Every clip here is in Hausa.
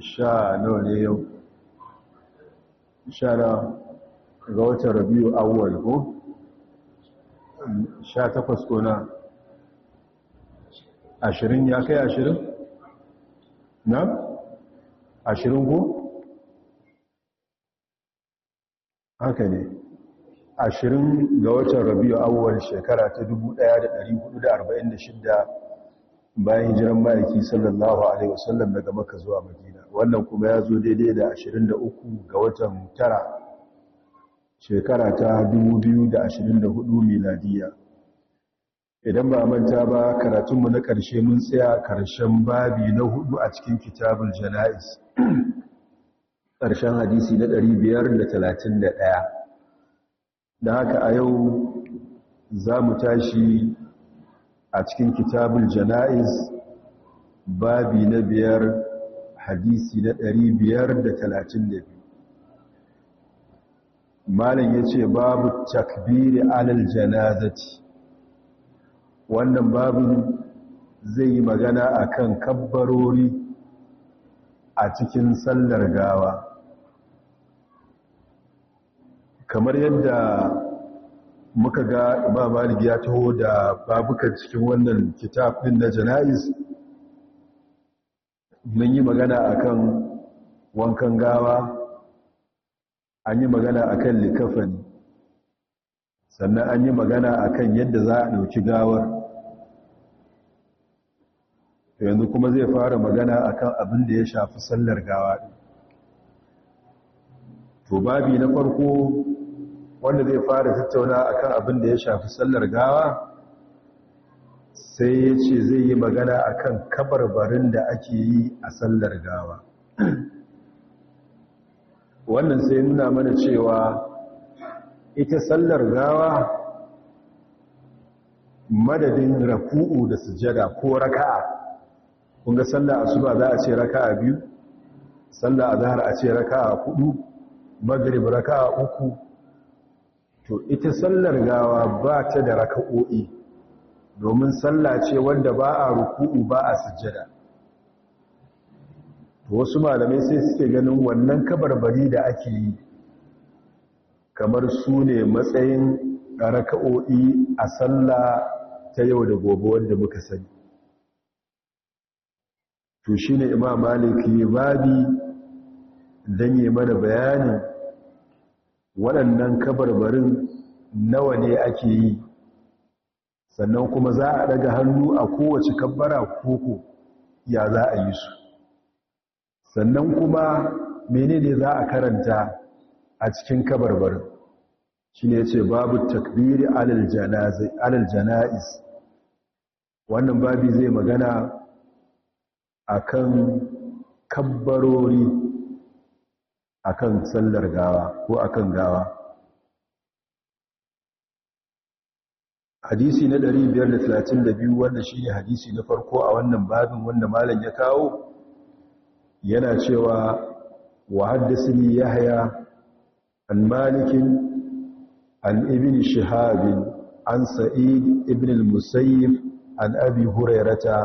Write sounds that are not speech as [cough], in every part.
sha nawa ne yau sha na ga watan rabiu awwal ko sha takwas ko na ashirin ya kai ashirin na ashirin ko haka ne ashirin ga watan rabiu awwal shekara ta 1446 bayan jiran ma'aiki sallallahu alaihi wasallam daga maka zuwa madina wannan kuma ya zo daidai da 23 ga watan tara shekara ta 2024 miladiya idan ba manta ba karatunmu na ƙarshe mun tsaya ƙarshen babi na hudu a cikin kitabul jana'is ƙarshen hadisi na 531 da haka a yau za mu tashi a cikin kitabul jana'is babi na biyar hadisi na biyar da da talatin biyu. malam ya ce babu takbiri alal janazati wannan babu zai yi magana a kan kabbarori a cikin sallar gawa kamar yadda muka ga imam malik ya taho da babukan cikin wannan kitab na janaiz mun yi magana akan wankan gawa an yi magana akan likafani sannan an yi magana akan yadda za a ɗauki gawar to yanzu kuma zai fara magana akan abin da ya shafi sallar gawa to babi na farko wanda zai fara tattauna akan abin da ya shafi sallar gawa sai ya ce zai yi magana a kan kabarbarin da ake yi a sallar gawa wannan sai nuna mana cewa ita sallar gawa madadin raku'u da sujada ko raka'a kunga sallar asuba za a ce raka'a biyu sallar azhar a ce raka'a hudu maghrib raka'a uku to ita sallar gawa ba ta da raka'o'i domin sallah ce wanda ba a ruku'u ba a sujjada wasu malamai sai suke ganin wannan kabarbari da ake yi kamar su ne matsayin raka'o'i a sallah ta yau da gobe wanda muka sani to shine imam malik yi babi dan yi mana bayanin waɗannan kabarbarin nawa ne ake yi sannan kuma za a daga hannu a kowace kabbara koko ya za a yi su sannan kuma menene za a karanta a cikin kabarbar? shi ne ce babu takbiri alal jana'is wannan babi zai magana a akan kabbarori kan tsallar gawa ko a kan gawa hadisi na 532 wanda shi ne hadisi na farko a wannan babin wanda malam ya kawo yana cewa wa ya yahya an malikin an Ibin shihab an sa'id ibn al an abi hurairata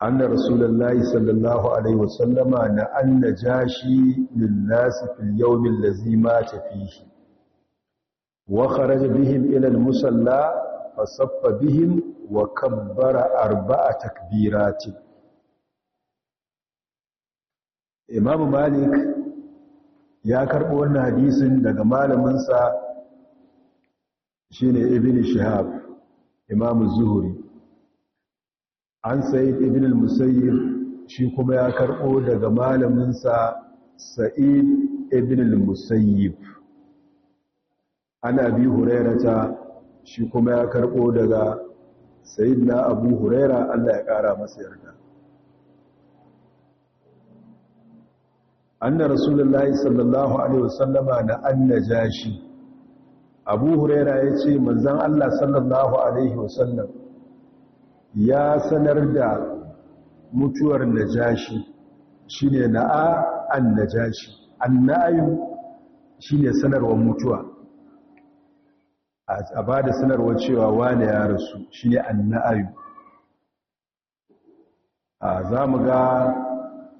anna rasulullahi sallallahu alaihi wasallama na anna jashi lin fil yawm allazi mata wa kharaja bihim ila musalla fasaffa bihim wa kabbara arba'a takbiraci. Imam Malik ya karbo wannan hadisin daga malamin sa shine Ibn Shihab Imam Zuhri an Sa'id ibn al-Musayyib shi kuma ya karɓo daga malaminsa Sa'id ibn al-Musayyib ana bi hurairata shi kuma ya karɓo daga sayidina abu huraira allah ya ƙara masa yarda anna rasulullahi sallallahu alaihi wasallama da anna jashi abu huraira ya ce manzan allah sallallahu alaihi wasallam ya sanar da mutuwar najashi shine na'a an najashi an na'ayu shine sanarwar mutuwa a ba da sanarwar cewa wane ya rasu shi ne anna'ayu a za mu ga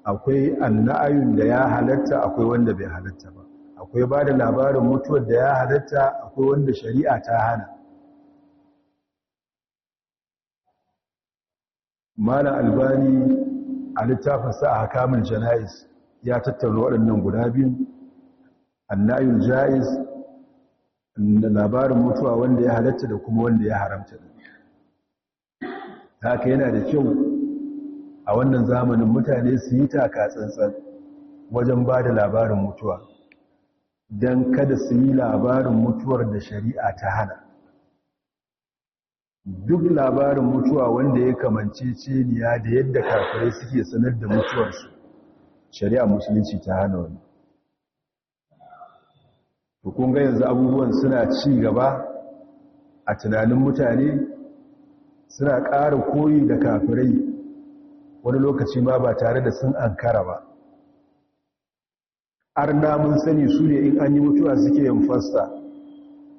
akwai anna'ayun da ya halatta akwai wanda bai halatta ba akwai ba da labarin mutuwar da ya halatta akwai wanda shari'a ta hana malam albani a littafinsa a hakamin jana'is ya tattauna waɗannan guda biyu annayun ja'iz da labarin mutuwa wanda ya halatta da kuma wanda ya haramta haka yana da kyau a wannan zamanin mutane su yi taka tsantsan wajen ba da labarin mutuwa don kada su yi labarin mutuwar da shari'a ta hana duk labarin mutuwa wanda ya kamance da yadda kafirai suke sanar da mutuwarsu shari'a musulunci ta hana wani kun ga yanzu abubuwan suna ci gaba a tunanin mutane suna ƙara koyi da kafirai wani lokaci ma ba tare da sun ankara ba arna mun sani su ne in an yi mutuwa suke yin fasta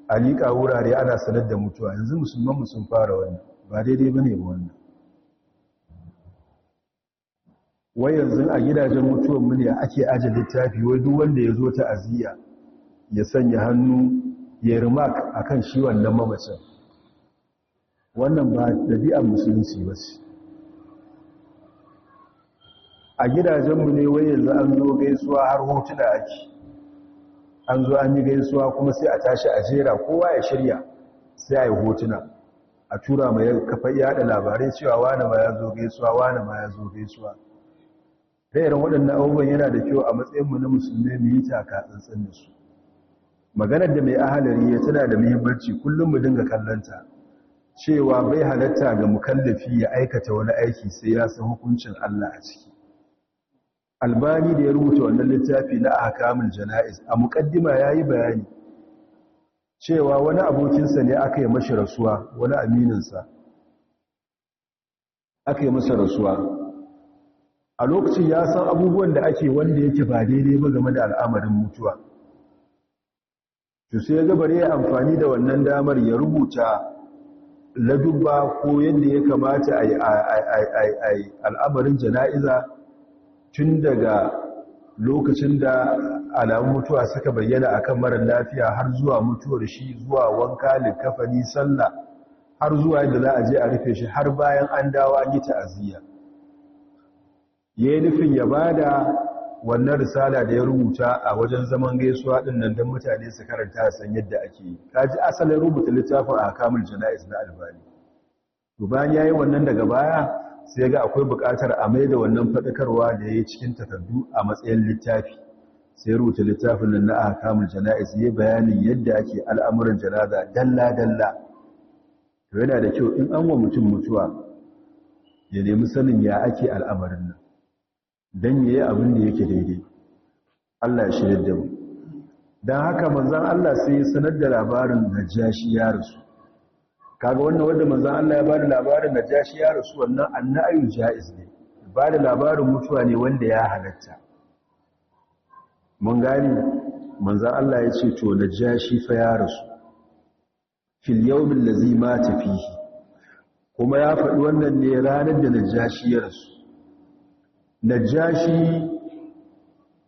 a liƙa wurare ana sanar da mutuwa yanzu musulmanmu sun fara wani, ba daidai ba ne ba wannan wai yanzu a gidajen mutuwanmu ne ake ajiye littafi wai duk wanda ya zo ta aziya ya sanya hannu ya rimak a kan shi wannan mamacin wannan ba ɗabi'ar musulunci ba ce a gidajenmu ne wai yanzu an zo gaisuwa har hotuna ake an zo an yi gaisuwa kuma sai a tashi a jera kowa ya shirya sai a yi hotuna a tura mai kafa yada labarai cewa wane ma ya zo gaisuwa wane ma ya zo gaisuwa da irin waɗannan abubuwan yana da kyau a matsayinmu na musulmi mu yi taka tsantsan da su maganar da mai ahalari ya tana da muhimmanci kullum mu dinga kallanta cewa bai halatta ga mukallafi ya aikata wani aiki sai ya san hukuncin Allah a ciki albani da ya rubuta wannan littafi na ahkamul jana'iz a muqaddima yayi bayani cewa wani abokinsa ne aka yi mashi rasuwa wani sa aka yi masa rasuwa a lokacin ya san abubuwan da ake wanda yake ba daidai ba game da al'amarin mutuwa to sai ga bare amfani da wannan damar ya rubuta ladubba ko yadda ya kamata a yi al'amarin jana'iza tun daga lokacin da alamun mutuwa suka bayyana akan marar lafiya har zuwa mutuwar shi zuwa wanka likafani sallah har zuwa yadda za a je a rufe shi har bayan an dawo an yi ta'aziyya ya yi nufin ya ba wannan risala da ya rubuta a wajen zaman gaisuwa din nan don mutane su karanta san yadda ake yi kaji asalin rubuta littafin a kamun jana'iz na albani to ya yi wannan daga baya sai ga akwai buƙatar a mai da wannan faɗakarwa da ya yi cikin takardu a matsayin littafi sai rubuta littafin nan na kamun jana'iz yayi bayanin yadda ake al'amuran janaza dalla dalla to yana da kyau in an wa mutum mutuwa ya nemi sanin ya ake al'amarin nan don yi abin da yake daidai Allah ya shirya da mu don haka manzan Allah sai ya sanar da labarin na jashi ya rasu kaga wannan wanda manzan Allah ya bada labarin na jashi ya rasu wannan annayu jaiz ne bada labarin mutuwa ne wanda ya halatta mun gani manzan Allah ya ce to na jashi fa ya rasu fil yawmin lazi mata fihi kuma ya faɗi wannan ne ranar da na jashi ya rasu najashi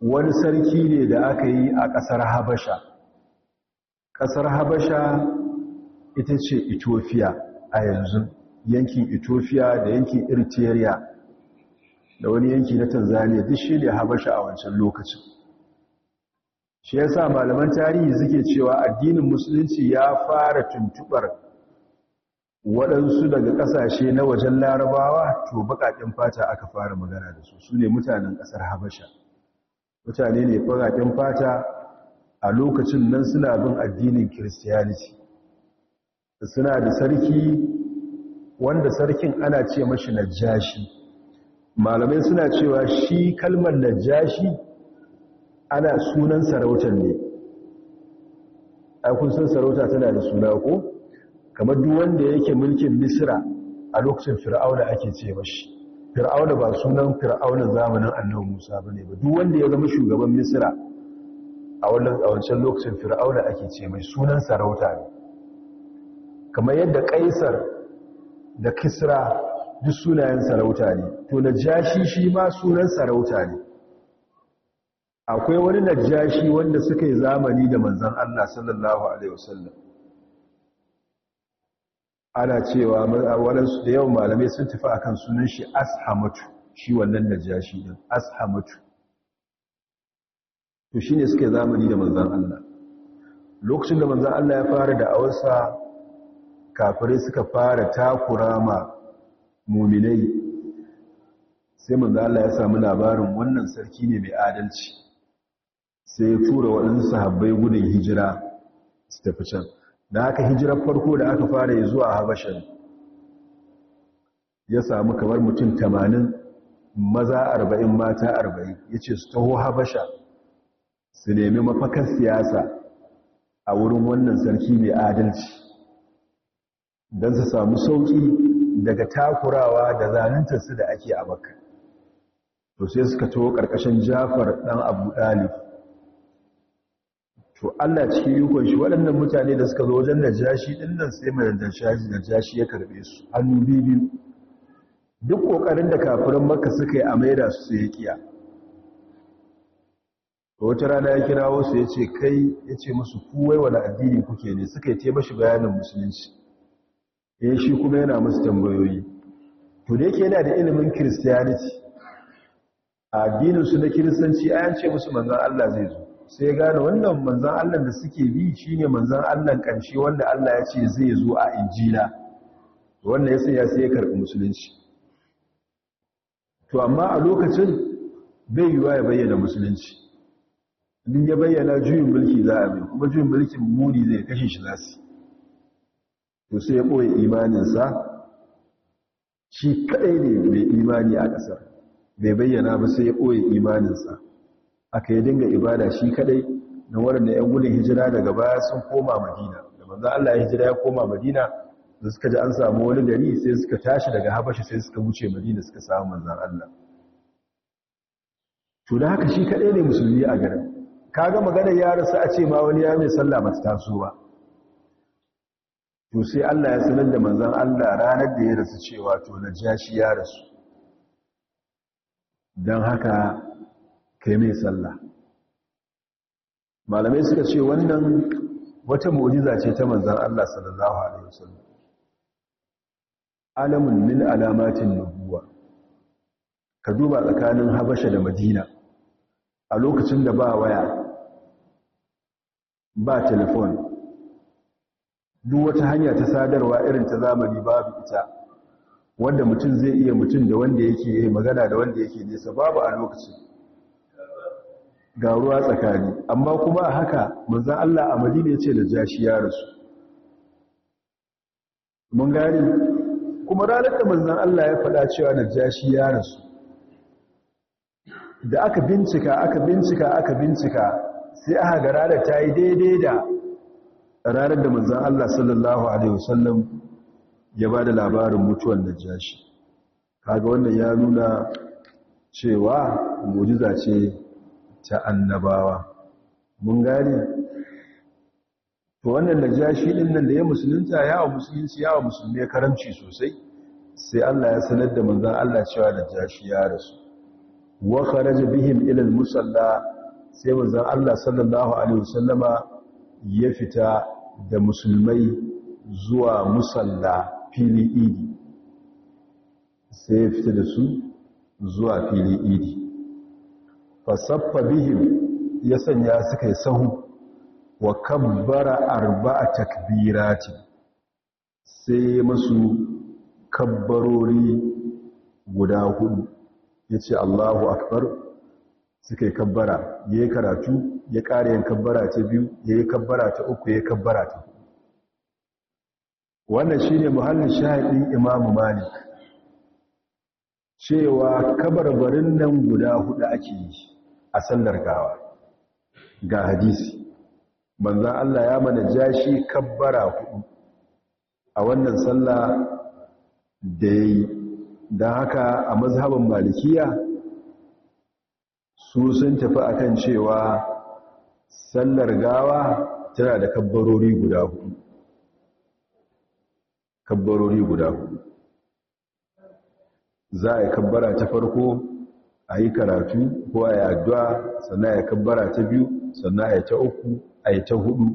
wani sarki ne da aka yi a ƙasar habasha ƙasar habasha ita ce ethiopia a yanzu yankin ethiopia da yankin eritrea da wani yanki na tanzania duk shi ne habasha a wancan lokacin shi yasa malaman tarihi suke cewa addinin musulunci ya fara tuntubar waɗansu daga ƙasashe na wajen larabawa to baƙaƙen fata aka fara magana da su su ne mutanen ƙasar habasha mutane ne baƙaƙen fata a lokacin nan suna bin addinin kiristiyaniti suna da sarki wanda sarkin ana ce mashi najashi malamai suna cewa shi kalmar najashi ana sunan sarautar ne a kun san sarauta tana da suna ko kamar duk wanda yake mulkin misra a lokacin fir'auna ake ce mashi fir'auna ba sunan fir'auna zamanin annabi musa bane ba duk wanda ya zama shugaban misra a wannan a wancan lokacin fir'auna ake ce mai sunan sarauta ne kamar yadda kaisar da kisra duk sunayen sarauta ne to najashi shi ma sunan sarauta ne akwai wani najashi wanda suka yi zamani da manzon Allah sallallahu alaihi wasallam ana cewa waɗansu da yawan malamai sun tafi a kan sunan shi ashamatu shi wannan najashi ɗin ashamatu to shi ne suke zamani da manzan Allah lokacin da manzan Allah ya fara da awarsa kafirai suka fara takura ma muminai sai manzan Allah ya samu labarin wannan sarki ne mai adalci sai ya tura waɗansu sahabbai gudun hijira su tafi can da aka hijirar farko da aka fara yi zuwa habashin ya samu kamar mutum tamanin maza arba'in mata arba'in ya ce su taho habasha su nemi mafakar siyasa a wurin wannan sarki mai adalci don su samu sauƙi daga takurawa da zaluntarsu da ake a makka to sai suka taho ƙarƙashin jafar ɗan abu ɗalif to Allah cikin yukon shi waɗannan mutane da suka zo wajen najashi ɗin nan sai mai da jashi ya karɓe su hannu biyu duk ƙoƙarin da kafirin maka suka yi a maida su sai ya kiya wata rana ya kira wasu ya ce kai ya ce musu kuwai wani addini kuke ne suka yi taimashi bayanin musulunci ya eh, shi kuma yana musu tambayoyi to da yake yana da ilimin kiristiyaniti a su na kiristanci a yance musu manzan Allah zai zo sai gane wannan manzan Allah da suke bi shi ne manzan Allah ƙarshe wanda Allah ya ce zai zo a injila wannan ya sai ya karɓi musulunci to amma a lokacin bai yiwa ya bayyana musulunci din ya bayyana juyin mulki za a bai kuma juyin mulkin muni zai kashe shi za su to sai ya ɓoye imaninsa shi kaɗai ne mai imani a ƙasar bai bayyana ba sai ya ɓoye imaninsa aka yi dinga ibada shi kadai na waɗanda 'yan gudun hijira daga baya sun koma madina da manzo Allah ya hijira ya koma madina da suka ji an samu wani gari sai suka tashi daga habashi sai suka wuce madina suka samu manzon Allah to da haka shi kadai ne musulmi a garin ga maganar ya rasu a ce ma wani ya mai sallah ba ta taso ba to sai Allah ya sanar da manzan Allah ranar da ya rasu cewa to na jashi ya rasu don haka kai mai sallah malamai suka ce wannan wata mu'jiza ce ta manzon Allah sallallahu alaihi wasallam alamun min alamatin nubuwa ka duba tsakanin habasha da madina a lokacin da ba waya ba telefon duk wata hanya ta sadarwa irin ta zamani babu ita wanda mutum zai iya mutum da wanda yake magana da wanda yake nesa babu a lokacin ga ruwa tsakani amma kuma a haka manzan Allah a madina ya ce da jashi ya rasu mun gani kuma ranar da manzan Allah ya faɗa cewa da jashi ya rasu da aka bincika aka bincika aka bincika sai aka ga ranar ta yi daidai da ranar da manzan Allah sallallahu Alaihi wasallam ya ba da labarin mutuwar da jashi kaga wannan ya nuna cewa mujiza ce ta annabawa mun gane to wannan najashi din nan da ya musulunta ya wa musulunci ya wa musulmai karamci sosai sai Allah ya sanar da manzon Allah cewa najashi ya rasu wa kharaja bihim ila al-musalla sai manzon Allah sallallahu alaihi wasallama ya fita da musulmai zuwa musalla fili idi sai ya fita da su zuwa fili idi fasaffa bihim ya sanya suka yi sahu wa kabbara arba'a takbirati sai masu kabbarori guda hudu ya ce Allahu akbar suka yi kabbara ya yi karatu ya ƙara yin kabbara ta biyu ya yi kabbara ta uku ya yi kabbara ta hudu wannan shi ne muhallin shahaɗin imamu malik cewa kabarbarin nan guda hudu ake yi a sallar gawa ga hadisi banzan Allah ya mana jashi kabbara hudu a wannan sallah da ya yi don haka a mazhabin malikiya su sun tafi a kan cewa sallar gawa tana da kabbarori guda hudu kabbarori guda hudu za a yi kabbara ta farko a yi karatu ko a yi addu'a sannan ya kabbara ta biyu sannan a yi ta uku a yi ta hudu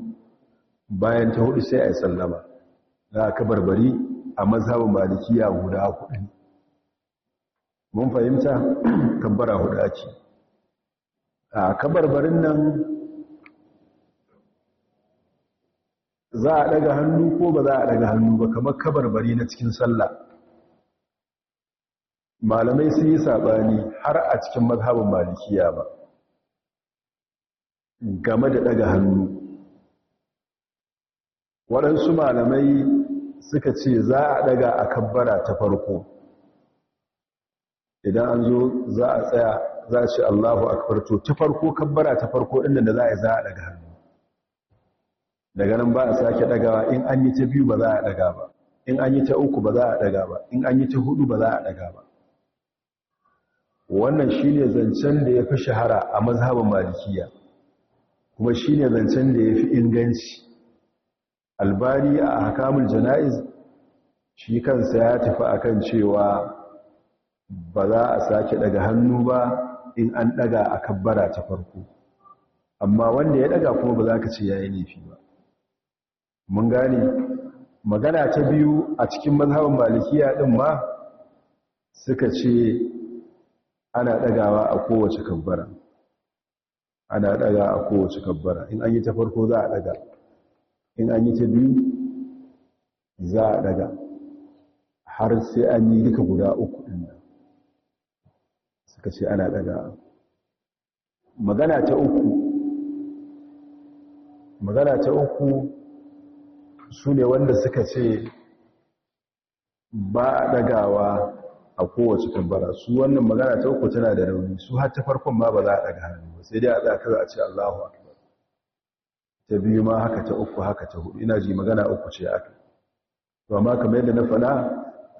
bayan ta hudu sai a yi sallama za a barbari a mazhabin malikiya guda hudu mun fahimta [clears throat] kabbara huda ce a kabarbarin nan za a daga hannu ko ba za a daga hannu ba kamar kabarbari na cikin sallah malamai sun yi saɓani har a cikin mazhabin malikiya ba game da ɗaga hannu waɗansu malamai suka ce za a ɗaga a kabbara ta farko idan an zo za a tsaya za a ce allahu akbar to ta farko kabbara ta farko inda da za a yi za a ɗaga hannu daga nan ba a sake ɗagawa in an yi ta biyu ba za a ɗaga ba in an yi ta uku ba za a ɗaga ba in an yi ta hudu ba za a ɗaga ba wannan shine zancen da ya fi shahara a mazhabin malikiya kuma shine zancen da ya fi inganci albari a hakamul jana'iz shi kansa ya tafi akan cewa ba za a sake daga hannu ba in an daga a kabbara ta farko amma wanda ya daga kuma ba za ka ce ya yi laifi ba mun gane magana ta biyu a cikin mazhabin malikiya din ma suka ce ana ɗagawa a kowace kabbara ana ɗaga a kowace kabbara in an yi ta farko za a ɗaga in an yi ta biyu za a ɗaga har sai an yi duka guda uku ɗin suka ce ana ɗaga magana ta uku magana ta uku su ne wanda suka ce ba a ɗagawa a kowace tambara su wannan magana ta uku tana da rauni su har ta farkon ma ba za a daga hannu ba sai dai a za za a ce Allahu akbar ta biyu ma haka ta uku haka ta hudu ina ji magana uku ce aka to amma kamar yadda na faɗa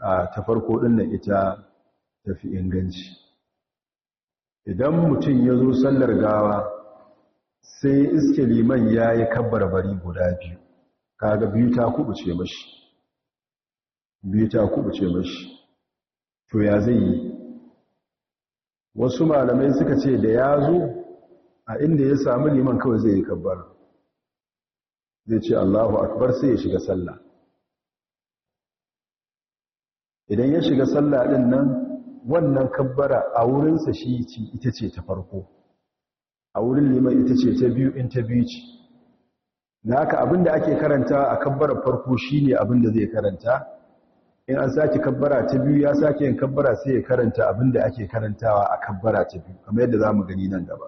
a ta farko din nan ita tafi inganci idan mutum ya zo sallar gawa sai iske liman ya yi kabbar bari guda biyu kaga biyu ta kubuce mashi biyu ta kubuce mashi to ya zai yi wasu malamai suka ce da ya zo a inda ya samu liman kawai zai yi kabbar zai ce allahu akbar sai ya shiga sallah idan ya shiga sallah din nan wannan kabbara a wurinsa shi ita ce ta farko a wurin liman ita ce ta biyu in ta biyu ce da haka abinda ake karanta a kabbarar farko shine abinda zai karanta in an sake kabbara ta biyu ya sake yin kabbara sai ya karanta abin da ake karantawa a kabbara ta biyu kamar yadda za mu gani nan gaba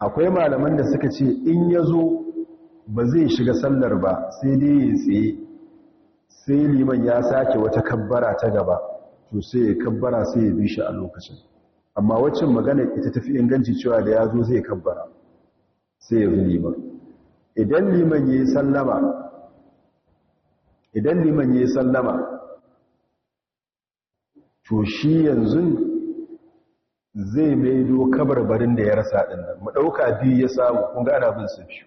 akwai malaman da suka ce in ya zo ba zai shiga sallar ba sai dai ya tsaye sai liman ya sake wata kabbara ta gaba to sai ya kabbara sai ya bi shi a lokacin amma waccan magana ita tafi inganci cewa da ya zo zai kabbara sai ya zo liman idan liman ya yi sallama idan liman ya yi sallama to shi yanzu zai maido barbarin da ya rasa ɗin mu ɗauka biyu ya samu kun ana bin su fi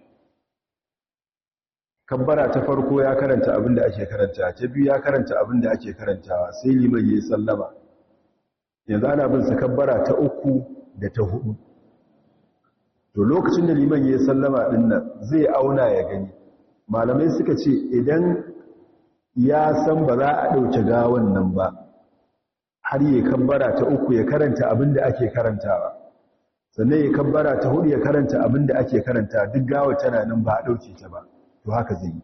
kambara ta farko ya karanta abin da ake karanta ta biyu ya karanta abin da ake karantawa sai liman ya yi sallama yanzu ana bin su kambara ta uku da ta hudu to lokacin da liman ya yi sallama ɗin nan zai auna ya gani malamai suka ce idan ya san ba za a ɗauke gawan nan ba har ya bara ta uku ya karanta abin da ake karantawa sannan ya bara ta hudu ya karanta abin da ake karanta duk gawa tana nan ba a ɗauke ta ba to haka zai yi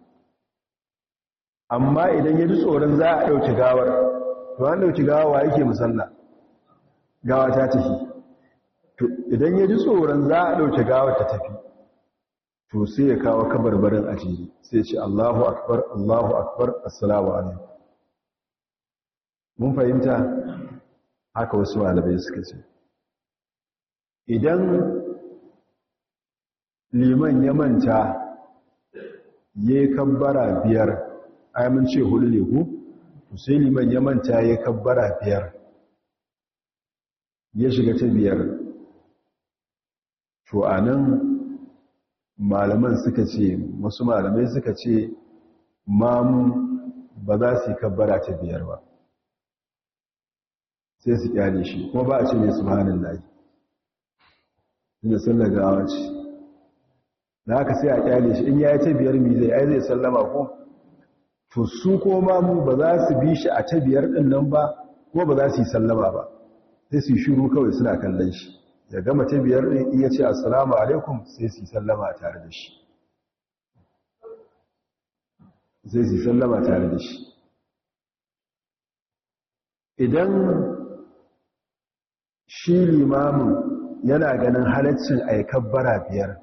amma idan ya ji tsoron za a ɗauke gawar to an ɗauce gawa yake musalla gawa ta tafi to idan ya ji tsoron za a ɗauke gawar ta tafi to sai ya kawo kabarbarin a jiri sai ce Allahu akbar Allahu akbar assalamu alaikum mun fahimta haka wasu malamai suka ce idan liman ya manta ya kabbara biyar ai mun ce hudu ne ku to sai liman ya manta ya kabbara biyar ya shiga ta biyar to anan malaman suka ce wasu malamai suka ce mamu ba za su yi kabbara ta biyar ba sai su kyale shi ko ba a ce su subhanan layi inda sallar gawa ce da haka sai a kyale shi in ya yi ta biyar mi zai ai zai sallama ko to su ko mamu ba za su bi shi a ta biyar ɗin nan ba ko ba za su yi sallama ba sai su yi shiru kawai suna kallon shi ya gama mace biyar ɗin iya ce assalamu alaikum sai su sallama tare da shi sai su sallama tare da shi idan shi limamin yana ganin halaccin aikar bara biyar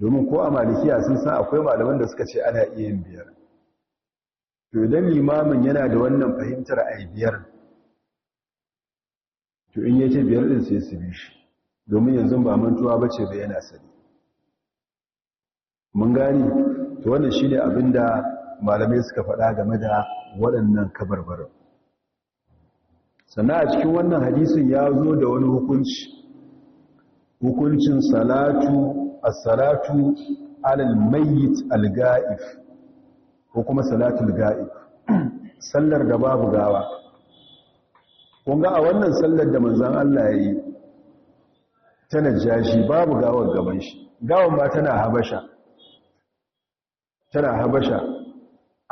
domin ko a malikiya sun san akwai malaman da suka ce ana iya yin biyar to idan limamin yana da wannan fahimtar ai biyar to in yace biyar din sai su bi shi domin yanzu ba mantuwa ba ce da yana sani mun gani to wannan shine abin da malamai suka faɗa game da waɗannan kabarbarin sannan a cikin wannan hadisin ya zo da wani hukunci hukuncin salatu as-salatu alal mayyit al-ga'if ko kuma al ga'if sallar da babu gawa kun ga a wannan sallar da manzon Allah yayi Tana jashi babu gawar gaban shi Gawar ba tana habasha tana habasha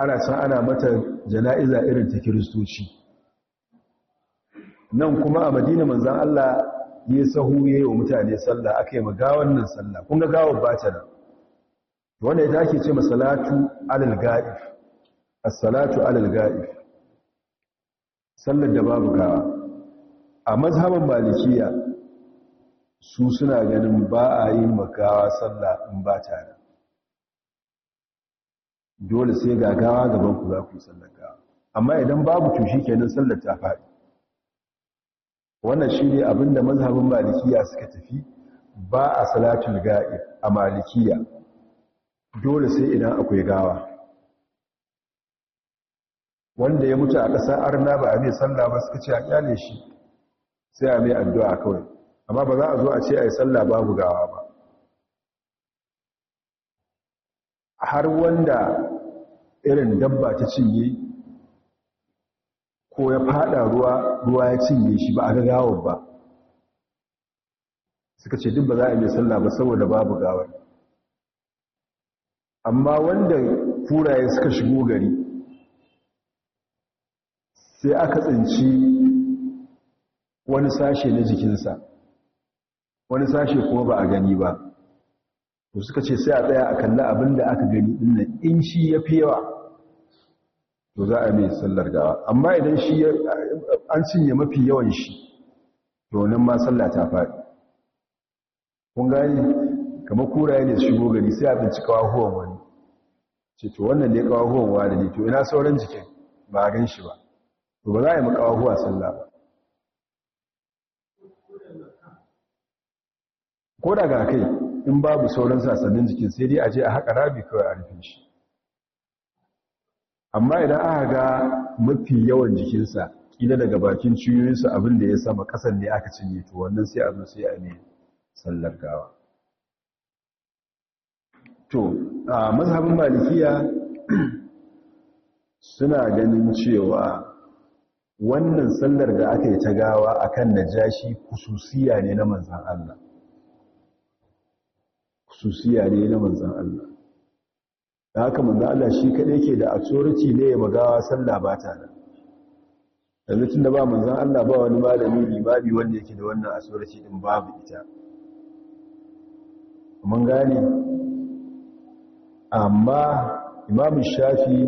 ana san ana mata jana'iza irin ta kiristoci nan kuma a madina manzan Allah ya sahu ya wa mutane sallah aka yi magawan nan sallah kun ga gawar ba ta nan wanda ita ake ce masalatu alal ga'if assalatu alal ga'if sallar da babu gawa a mazhaban malikiya su suna ganin ba a yi makawa sallah in ba ta da dole sai gagawa gaban ku za ku yi sallar amma idan babu tushi kenan sallar ta faɗi wannan shi ne abinda mazhabin malikiya suka tafi ba a salatul ga'ib a malikiya dole sai idan akwai gawa wanda ya mutu a ƙasa arna ba a mai sallah ba suka ce a kyale shi sai a mai addu'a kawai amma ba za a zo a ce a yi sallah babu gawa ba har wanda irin dabba ta cinye ko ya fada ruwa ruwa ya cinye shi ba a ga gawar ba suka ce duk ba za a yi sallah ba saboda babu gawar amma wanda furaye suka shigo gari sai aka tsinci wani sashe na jikinsa wani sashe kuma ba a gani ba to suka ce sai a tsaya a kalla abin da aka gani din nan in shi ya fi yawa to za a yi sallar gawa amma idan shi an cinye mafi yawan shi to nan ma sallah ta faɗi kun gani kamar kuraye ne su shigo gari sai a binci kawahuwan wani ce to wannan ne kawahuwan wani ne to ina sauran jikin ba a gan shi ba to ba za a yi makawahuwa sallah ba ko daga kai in babu sauran sassanin jikin sai dai a je a haƙa rabi kawai a rufe shi amma idan aka ga mafi yawan jikinsa ƙila daga bakin ciyoyinsa abin da ya sama ƙasan ne aka cinye to wannan sai a zo sai a ne sallar gawa to a mazhabin malikiya [clears throat] suna ganin cewa wannan sallar da aka yi ta gawa akan najashi kususiya ne na manzan Allah siya ne na manzan Allah da haka manzan Allah shi kaɗai ke da tsoraci ne ya magawa sallah ba ta da. yanzu da ba manzan Allah ba wani malami limami wanda yake da wannan authority din babu ita mun gane amma imamun shafi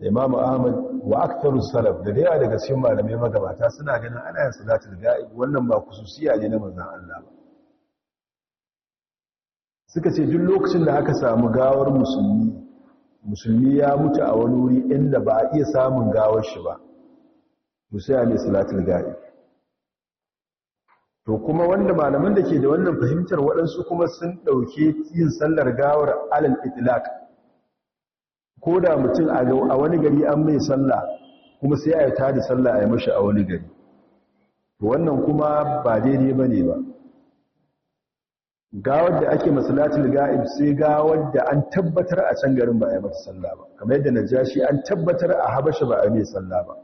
da imam ahmad wa aktarus salaf da daya daga cikin malamai magabata suna ganin ana yin salatul ga'ib wannan ba khususiya ne na manzan Allah ba suka ce duk lokacin da aka samu gawar musulmi musulmi ya mutu a wani wuri inda ba a iya samun gawar shi ba saya ne salatul gari to kuma wanda malaman da ke da wannan fahimtar waɗansu kuma sun ɗauke yin sallar gawar alal itilak ko da mutum a wani gari an mai sallah kuma sai a yi tari sallah a yi mashi a wani gari wannan kuma ba daidai ba ne ba gawar da ake masalatul ga'ib sai gawar da an tabbatar a can garin ba a yi mata sallah ba kamar yadda najashi an tabbatar a habasha ba a yi mai sallah ba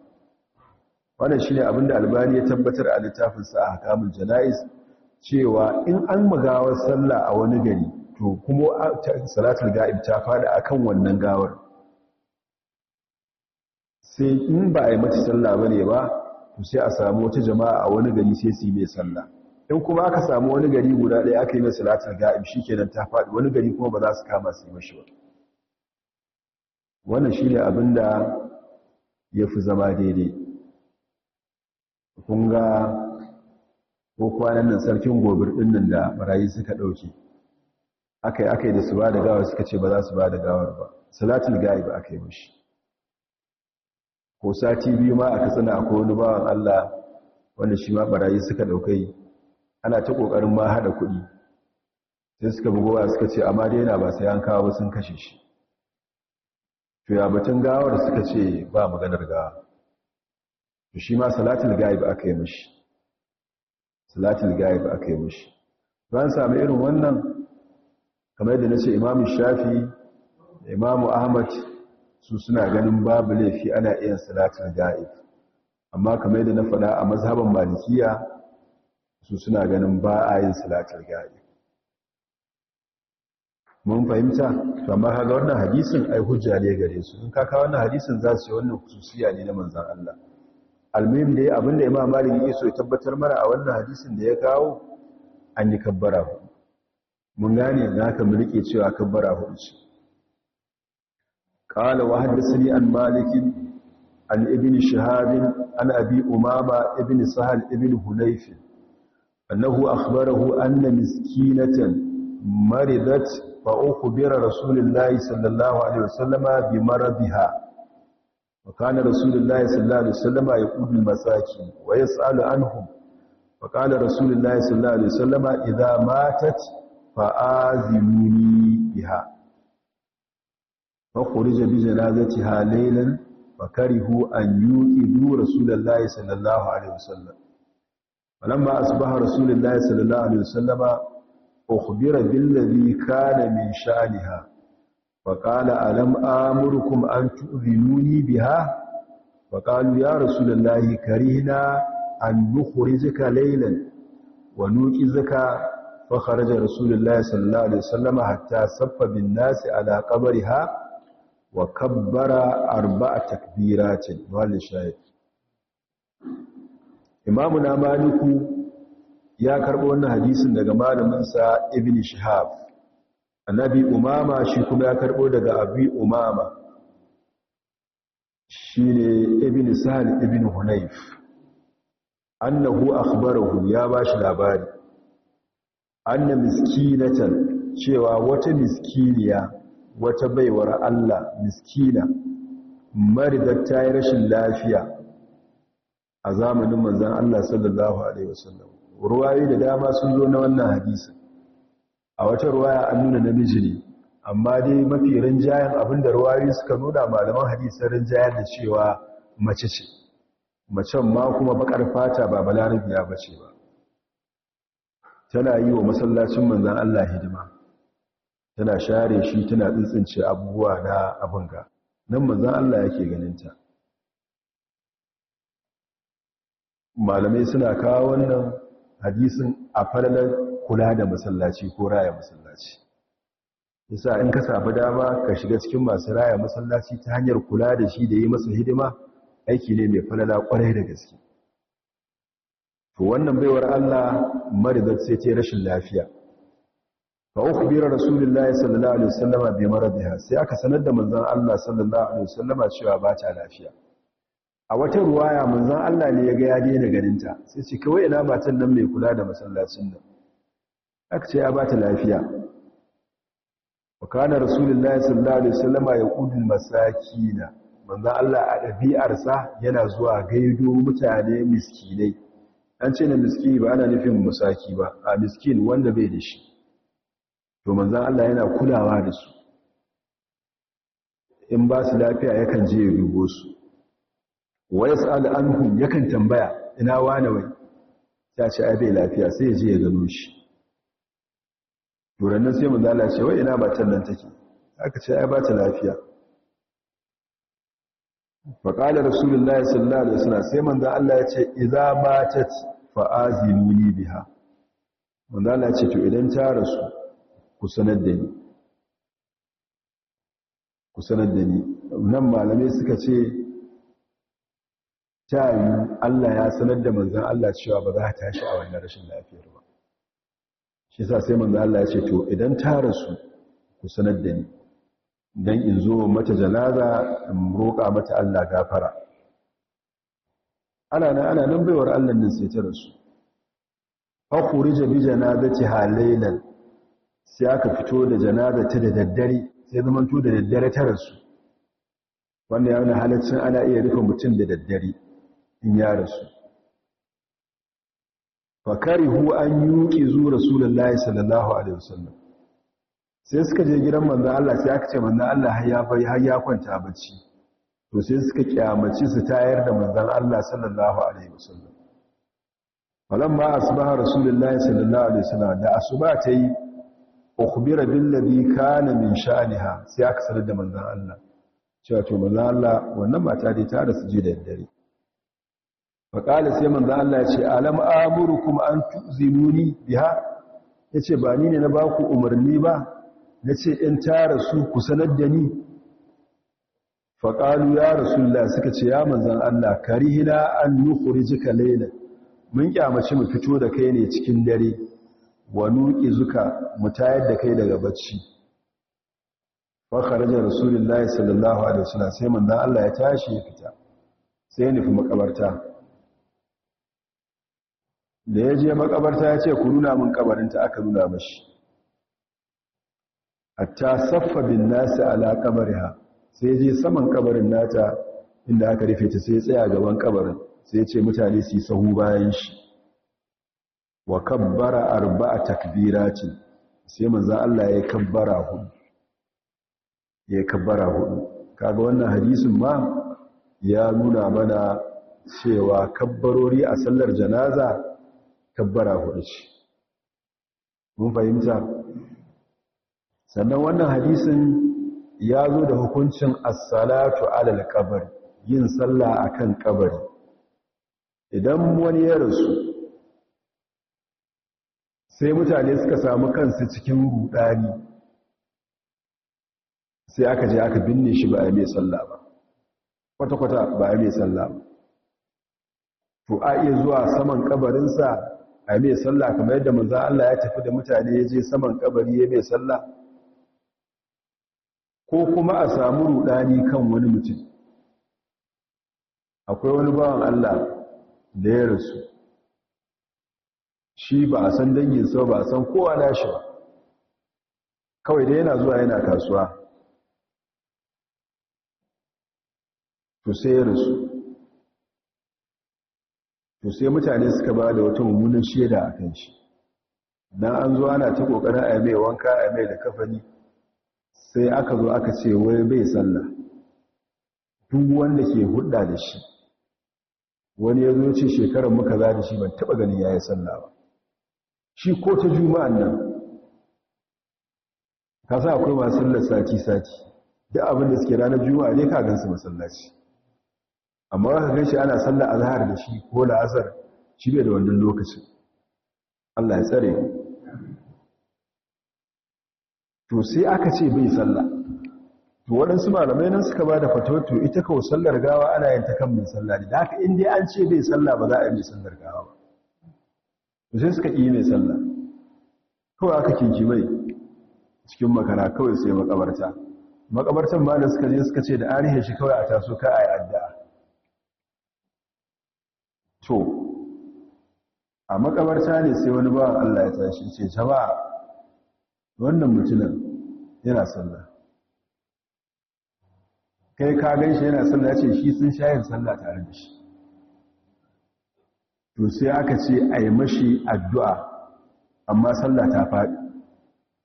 wannan shine abin da albani ya tabbatar a littafin sa a hakamul janaiz cewa in an magawar sallah a wani gari to kuma salatul ga'ib ta fada akan wannan gawar sai in ba a yi mata sallah bane ba to sai a samu wata jama'a a wani gari sai su yi mai sallah in kuma aka samu wani gari guda ɗaya aka yi mai salatar ga'ib shi kenan ta faɗi wani gari kuma ba za su kama su yi mashi ba wannan shi ne abin da ya fi zama daidai kun ga ko kwanan nan sarkin gobir ɗin nan da barayi suka ɗauke aka yi aka yi da su ba da gawar suka ce ba za su ba da gawar ba salatul ga'ib aka yi mashi ko sati biyu ma aka tsina akwai wani bawan allah wanda shi ma barayi suka ɗaukai ana ta ƙoƙarin ma haɗa kuɗi sai suka bugowa suka ce amma daina ba sai an kawo sun kashe shi to ya batun gawar suka ce ba maganar gawa to shi ma salatul gaib aka yi mishi salatul gaib aka yi mishi ban sami irin wannan kamar yadda nace imamu shafi imamu ahmad su suna ganin babu laifi ana iya salatul gaib amma kamar yadda na faɗa a mazhaban malikiya su suna ganin ba a yin salatar gari mun fahimta Kamar haga wannan hadisun ai hujja ne gare su in kaka wannan hadisun za su yi wannan kususiya ne na manzan Allah almuhim dai abinda ya Malik yake so ya tabbatar mara a wannan hadisun da ya kawo an yi kabbara hudu mun gane na ka mulke cewa kabbara hudu ce qala wa hadathani an malik an ibn shihab umama ibn sahal ibin annahu akhbarahu anna miskinatan maridat fa ukhbira rasulullahi sallallahu alaihi wasallama bi maradiha wa kana rasulullahi sallallahu alaihi wasallama yaqulu masaki wa yas'alu anhum fa qala rasulullahi sallallahu alaihi wasallama idha matat fa azimuni biha fa khurija bi janazatiha laylan fa karihu an yuqidu rasulullahi sallallahu alaihi falamma asbaha rasulullahi sallallahu alaihi wasallama ukhbira billadhi kana min sha'niha fa qala alam amurukum an tu'dhinuni biha fa qalu ya rasulullahi karihna an lailan, laylan wa nuqizaka fa kharaja rasulullahi sallallahu alaihi wasallama hatta saffa bin nasi ala qabriha wa kabbara arba'a takbiratin wal shahid imamu na maliku ya karɓo wannan hadisin daga malaminsa ibn shihab annabi umama shi kuma ya karɓo daga abi umama shi ne ibn sahal ibn hunayf annahu akhbarahu ya ba shi labari anna miskinatan cewa wata miskiniya wata baiwar Allah miskina maridatta yi rashin lafiya a zamanin manzan Allah sallallahu alaihi wasallam ruwayi da dama sun zo na wannan hadisi a wata ruwaya an nuna namiji ne amma dai mafi rinjayen abinda ruwayi suka nuna malaman hadisin rinjayen da cewa mace ce macen ma kuma bakar fata ba balarabiya ba ce ba tana yi wa masallacin manzan Allah hidima tana share shi tana tsintsince abubuwa na abinga nan manzan Allah yake ganinta malamai suna kawo wannan hadisin a falalar kula da masallaci ko raya masallaci yasa in ka samu dama ka shiga cikin masu raya masallaci ta hanyar kula da shi da yi masa hidima aiki ne mai falala kwarai da gaske to wannan baiwar Allah maridat sai ta rashin lafiya fa ukhbira rasulullahi sallallahu alaihi wasallama bi maradiha sai aka sanar da manzon Allah sallallahu alaihi wasallama cewa ba ta lafiya a wata ruwaya manzan Allah ne ya ga ya daina ganinta sai ce kawai ina matan nan mai kula da masallacin nan aka ce ya ba ta lafiya wa kana rasulullahi sallallahu alaihi wasallama yaqudul masakina manzan Allah a ɗabi'arsa yana zuwa gaido mutane miskinai an ce na miskini ba ana nufin musaki ba a miskin wanda bai da shi to manzan Allah yana kulawa da su in ba su lafiya yakan je ya dubo su wa yas'al anhum yakan tambaya ina wane wai ta ce ai bai lafiya sai ya je ya gano shi Turannin sai mu ce wai ina matan nan take aka ce ai ba ta lafiya fa qala rasulullahi sallallahu alaihi wasallam sai manzo Allah ya ce idza batat fa azinuni biha manzo Allah ya ce to idan ta rasu ku sanar da ni ku sanar da ni nan malamai suka ce ta yi Allah ya sanar da manzan Allah cewa ba za a tashi a wannan rashin lafiyar ba shi sa sai manzan Allah ya ce to idan ta rasu ku sanar da ni don in zo mata janaza in roƙa mata Allah gafara ana nan ana nan baiwar Allah nan sai ta rasu akhrija bi janazati halailan sai aka fito da janaza ta da daddare sai zamanto da daddare ta rasu wannan ya halaccin ana iya rufe mutum da daddare in ya rasu hu an yuki zu rasulullahi sallallahu alaihi wasallam sai suka je gidan manzon Allah sai aka ce manzon Allah har ya bai har ya kwanta bacci to sai suka kiyamaci su tayar da manzon Allah sallallahu alaihi wasallam ma asbaha rasulullahi sallallahu alaihi wasallam da asuba ta yi ukhbira bil ladhi kana min sha'niha sai aka sanar da manzon Allah cewa to manzon Allah wannan mata dai ta rasu je da daddare faƙali sai manzo Allah ya ce alam amurukum an tuzinuni biha yace ba ni ne na ba ku umarni ba nace in tara su ku sanar da ni faƙalu ya rasulullah suka ce ya manzan Allah karihina an nukhrijuka layla mun kyamaci mu fito da kai ne cikin dare wa nuqi zuka mu tayar da kai daga bacci fa kharaja rasulullah sallallahu alaihi wasallam sai manzan Allah ya tashi ya fita sai nufi makabarta da ya je makabarta ya ce ku nuna min kabarinta aka nuna mashi hatta saffa bin nasi ala kabariha sai ya je saman kabarin nata inda aka rufe ta sai ya tsaya gaban kabarin sai ya ce mutane su sahu bayan shi wa kabbara arba'a ce, sai manzon Allah ya kabbara hudu ya kabbara hudu kaga wannan hadisin ma ya nuna mana cewa kabbarori a sallar janaza kabbara hudu ce mun fahimta sannan wannan hadisin ya zo da hukuncin assalatu alal kabari yin sallah akan kabari idan wani ya rasu sai mutane suka samu kansu cikin rudani sai aka je aka binne shi ba a mai sallah ba kwata-kwata ba a mai sallah ba to a iya zuwa saman kabarinsa a mai sallah kamar yadda manzan Allah ya tafi da mutane ya je saman kabari ya mai sallah ko kuma a samu rudani kan wani mutum akwai wani bawan Allah da ya rasu shi ba a san danginsa ba a san kowa nashi shi ba kawai dai yana zuwa yana kasuwa to sai ya rasu to sai mutane suka ba da wata mummunan shaida a kan shi dan an zo ana ta kokarin a mai wanka a mai da kafani sai aka zo aka ce wai bai sallah duk wanda ke hudda da shi wani ya zo ce shekarar muka za da shi ban taba ganin yayi sallah ba shi ko ta juma'an nan ka sa akwai masu sati sati duk abin da suke ranar juma'a ne ka su masallaci amma ka gan shi ana sallar azhar da shi ko azhar shi bai da wannan lokacin Allah ya tsare to sai aka ce bai sallah to waɗansu malamai nan suka ba da fatoto ita kawo sallar gawa ana yin ta kan mai sallah ne da haka inda an ce bai sallah ba za a yi mai sallar gawa ba to sai suka yi mai sallah kawai aka kinki mai cikin makara kawai sai makabarta makabartan ma da suka je suka ce da arihe shi kawai a taso ka a yi addu'a a makabarta ne sai wani ba Allah ya tashi ce jama'a wannan mutumin yana sallah kai ka gan shi yana sallah ce shi sun shayin sallah tare da shi to sai aka ce a yi mashi addu'a amma sallah ta faɗi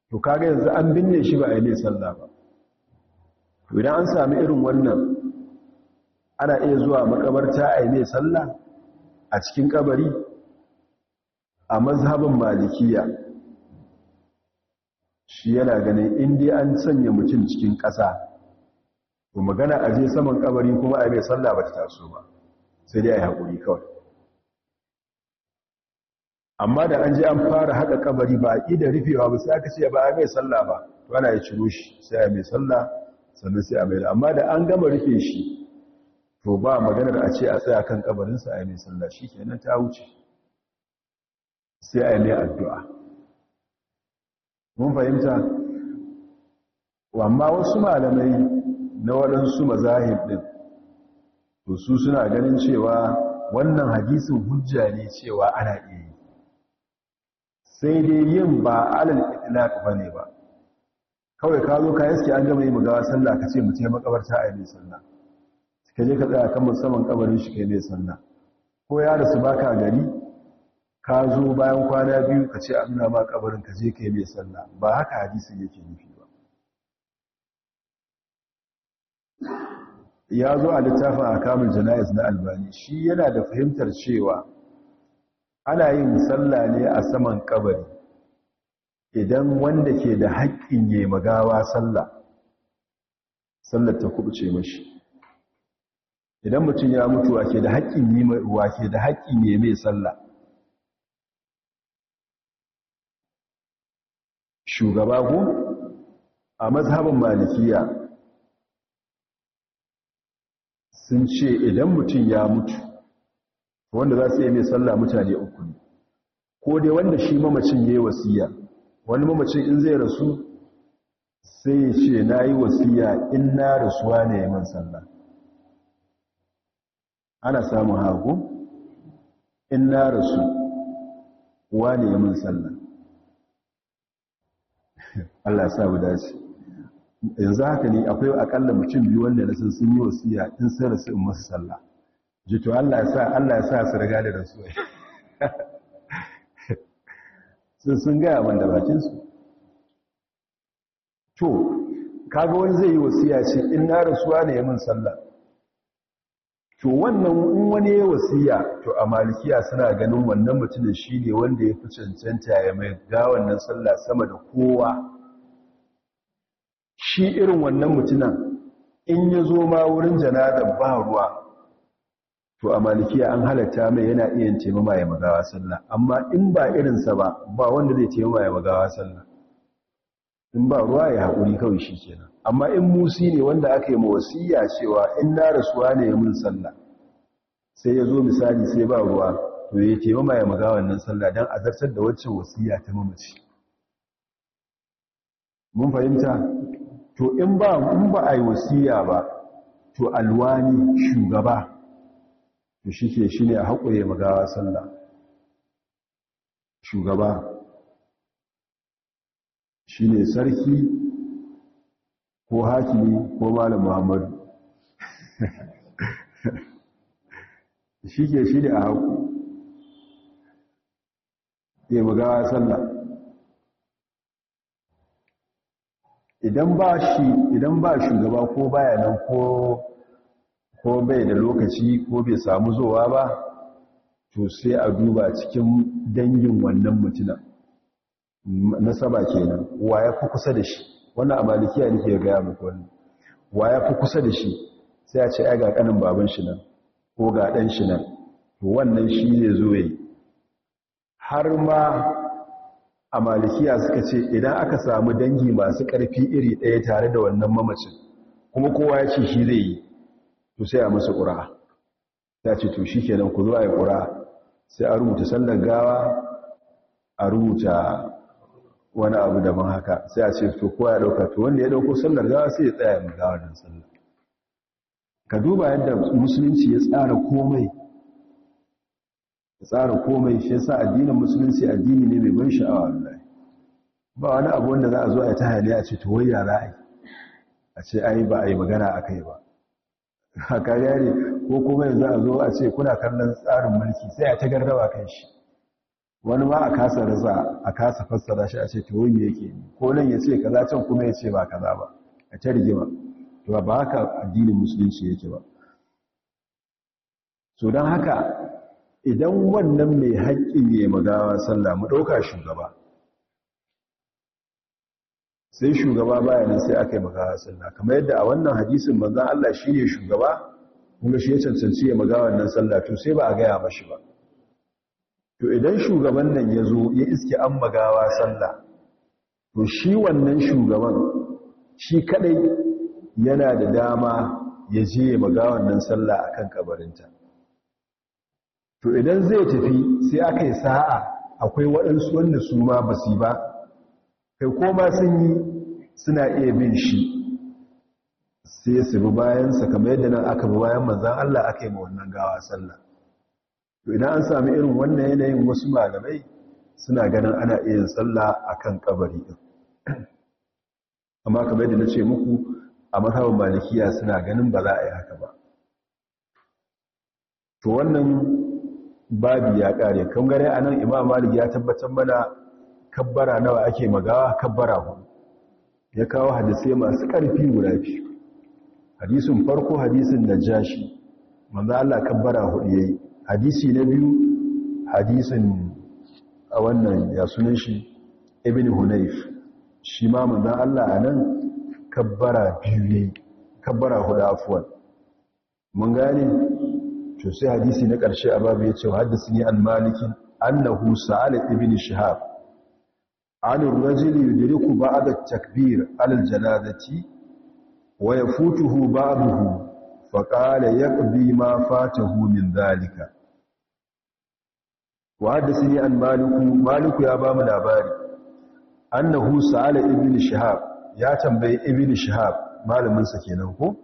to kaga yanzu an binne shi ba a yi ne sallah ba to idan an sami irin wannan ana iya zuwa makabarta a yi ne sallah a cikin kabari a mazhabin malikiya shi yana ganin inda an sanya mutum cikin ƙasa to magana a je saman kabari kuma a mai sallah ba ta taso ba sai dai a yi haƙuri kawai amma da an je an fara haɗa kabari ba a da rufewa ba sai aka ce ba a mai sallah ba to ana yi ciro shi sai a mai sallah sannan sai a mai amma da an gama rufe shi to ba maganar a ce a tsaya kan ƙabarinsa a yi mai sallah shi kenan ta wuce sai a yi addu'a mun fahimta amma wasu malamai na waɗansu mazahib ɗin to su suna ganin cewa wannan hadisin hujja ne cewa ana iya yi sai dai yin ba alal itilaq ba ne ba kawai ka zo ka yaske an gama yi mugawa sallah ka ce mu ce makabarta a yi mai sallah ka je ka tsaya kan musamman kabarin shi kai mai sallah ko ya rasu baka gari ka zo bayan kwana biyu ka ce an ma kabarin ka je ka yi mai sallah ba haka hadisin yake nufi ba ya zo a littafin akamul jana'iz na albani shi yana da fahimtar cewa ana yin sallah ne a saman kabari idan wanda ke da haƙƙin yi magawa sallah sallar ta kubuce mashi idan mutum ya mutu ke da haƙƙin yi mai sallah shugaba ko a mazhabin malikiya sun ce idan mutum ya mutu wanda za su yi mai sallah mutane uku ne ko dai wanda shi mamacin ya yi wasiya wani mamacin in zai rasu sai ya ce na yi wasiya in na rasuwa ne ya man sallah ana samun hagu in na rasu wa ne ya man sallah Allah ya sa mu dace yanzu haka ne akwai akalla mutum biyu wanda na san sun yi wasiya in sun rasu in masu sallah je to Allah ya sa Allah ya sa su riga da rasuwa sun sun gaya abin da bakin su to kaga wani zai yi wasiya ce in na rasuwa ne ya min sallah to wannan in wani ya wasiya to a malikiya suna ganin wannan mutumin shi ne wanda ya fi cancanta ya mai ga wannan sallah sama da kowa shi irin wannan mutumin in ya zo ma wurin janadar ba ruwa to a malikiya an halatta mai yana iya taimama ya magawa sallah amma in ba irinsa ba ba wanda zai taimama ya magawa sallah in ba ruwa ya haƙuri kawai shi kenan amma in musi ne wanda aka ma mawasiya cewa in na rasuwa ne ya mun sallah sai ya zo misali sai ba ruwa to ya ke mama ya maga wannan sallah don azartar da wacce wasiya ta mamaci mun fahimta to in ba in ba a yi wasiya ba to alwani shugaba to shi ke shi ne a haƙuri ya magawa sallah shugaba shi ne sarki ko hakimi ko malam muhammadu shi ke shi da a haku ya buga sallah idan ba idan ba shugaba ko baya nan ko bai da lokaci ko bai samu zowa ba to sai a duba cikin dangin wannan mutuna nasaba kenan wa ya fi kusa da shi wannan a malikiya ke gaya muku wani wa ya fi kusa da shi sai a ce ya ga kanin baban shi nan ko ga ɗan shi nan to wannan shi ne zo yi har ma a malikiya suka ce idan aka samu dangi masu ƙarfi iri ɗaya tare da wannan mamacin kuma kowa ya ce shi zai yi to sai a masa ƙura ta ce to shi kenan ku zo a yi ƙura sai a rubuta sallar gawa a rubuta wani abu daban haka sai a ce to kowa ya dauka to wanda ya dauko sallar za sai ya tsaya mai gawa don sallar ka duba yadda musulunci ya tsara komai ya tsara komai shi yasa addinin musulunci addini ne mai ban sha'awa wallahi ba wani abu wanda za a zo a ta hali a ce to wai ya a ce ai ba a yi magana a kai ba haka yare ko kuma yanzu a zo a ce kuna kallon tsarin mulki sai a ta gardawa kan shi wani ma a kasa raza a kasa fassara shi a ce ta wani yake ko nan ya ce kaza can kuma ya ce ba kaza ba a ta rigima to ba haka addinin musulunci yake ba so don haka idan wannan mai haƙƙi ne magawa sallah mu ɗauka shugaba sai shugaba baya nan sai aka yi magawa sallah kamar yadda a wannan hadisin manzan Allah shi ne shugaba kuma shi ya cancanci ya magawa nan sallah to sai ba a gaya mashi ba to idan shugaban nan ya zo ya iske an magawa sallah to shi wannan shugaban shi kadai yana da dama ya je ya maga nan sallah akan kabarinta to idan zai tafi sai aka yi sa'a akwai waɗansu wanda su ma ba su ba kai koma sun yi suna iya bin shi sai su bi bayansa kamar yadda nan aka bi bayan manzan Allah aka yi ma wannan gawa sallah to idan an sami irin wannan yanayin wasu malamai suna ganin ana iya yin sallah akan kabari din amma kamar yadda ce muku a mazhabin malikiya suna ganin ba za a yi haka ba to wannan babi ya kare kan gare anan imam malik ya tabbatar mana kabbara nawa ake magawa kabbara hudu ya kawo hadisai masu ƙarfi guda biyu hadisin farko hadisin najashi manzo Allah kabbara hudu yayi hadisi na biyu hadisin a wannan ya sunan shi ibn hunayf shi ma manzan Allah a nan kabbara biyu ne kabbara huda afuwan mun gane to sai hadisi na ƙarshe a babu ya ce haddisi ne an maliki annahu sa'ala ibn shihab an rajul yudriku ba'd at-takbir al-janazati wa yafutuhu ba'dahu fa qala yaqdi ma fatahu min dhalika wa ni an maliku maliku ya bamu labari annahu sa'ala ibnu shihab ya tambaye ibnu shihab malamin sa kenan ko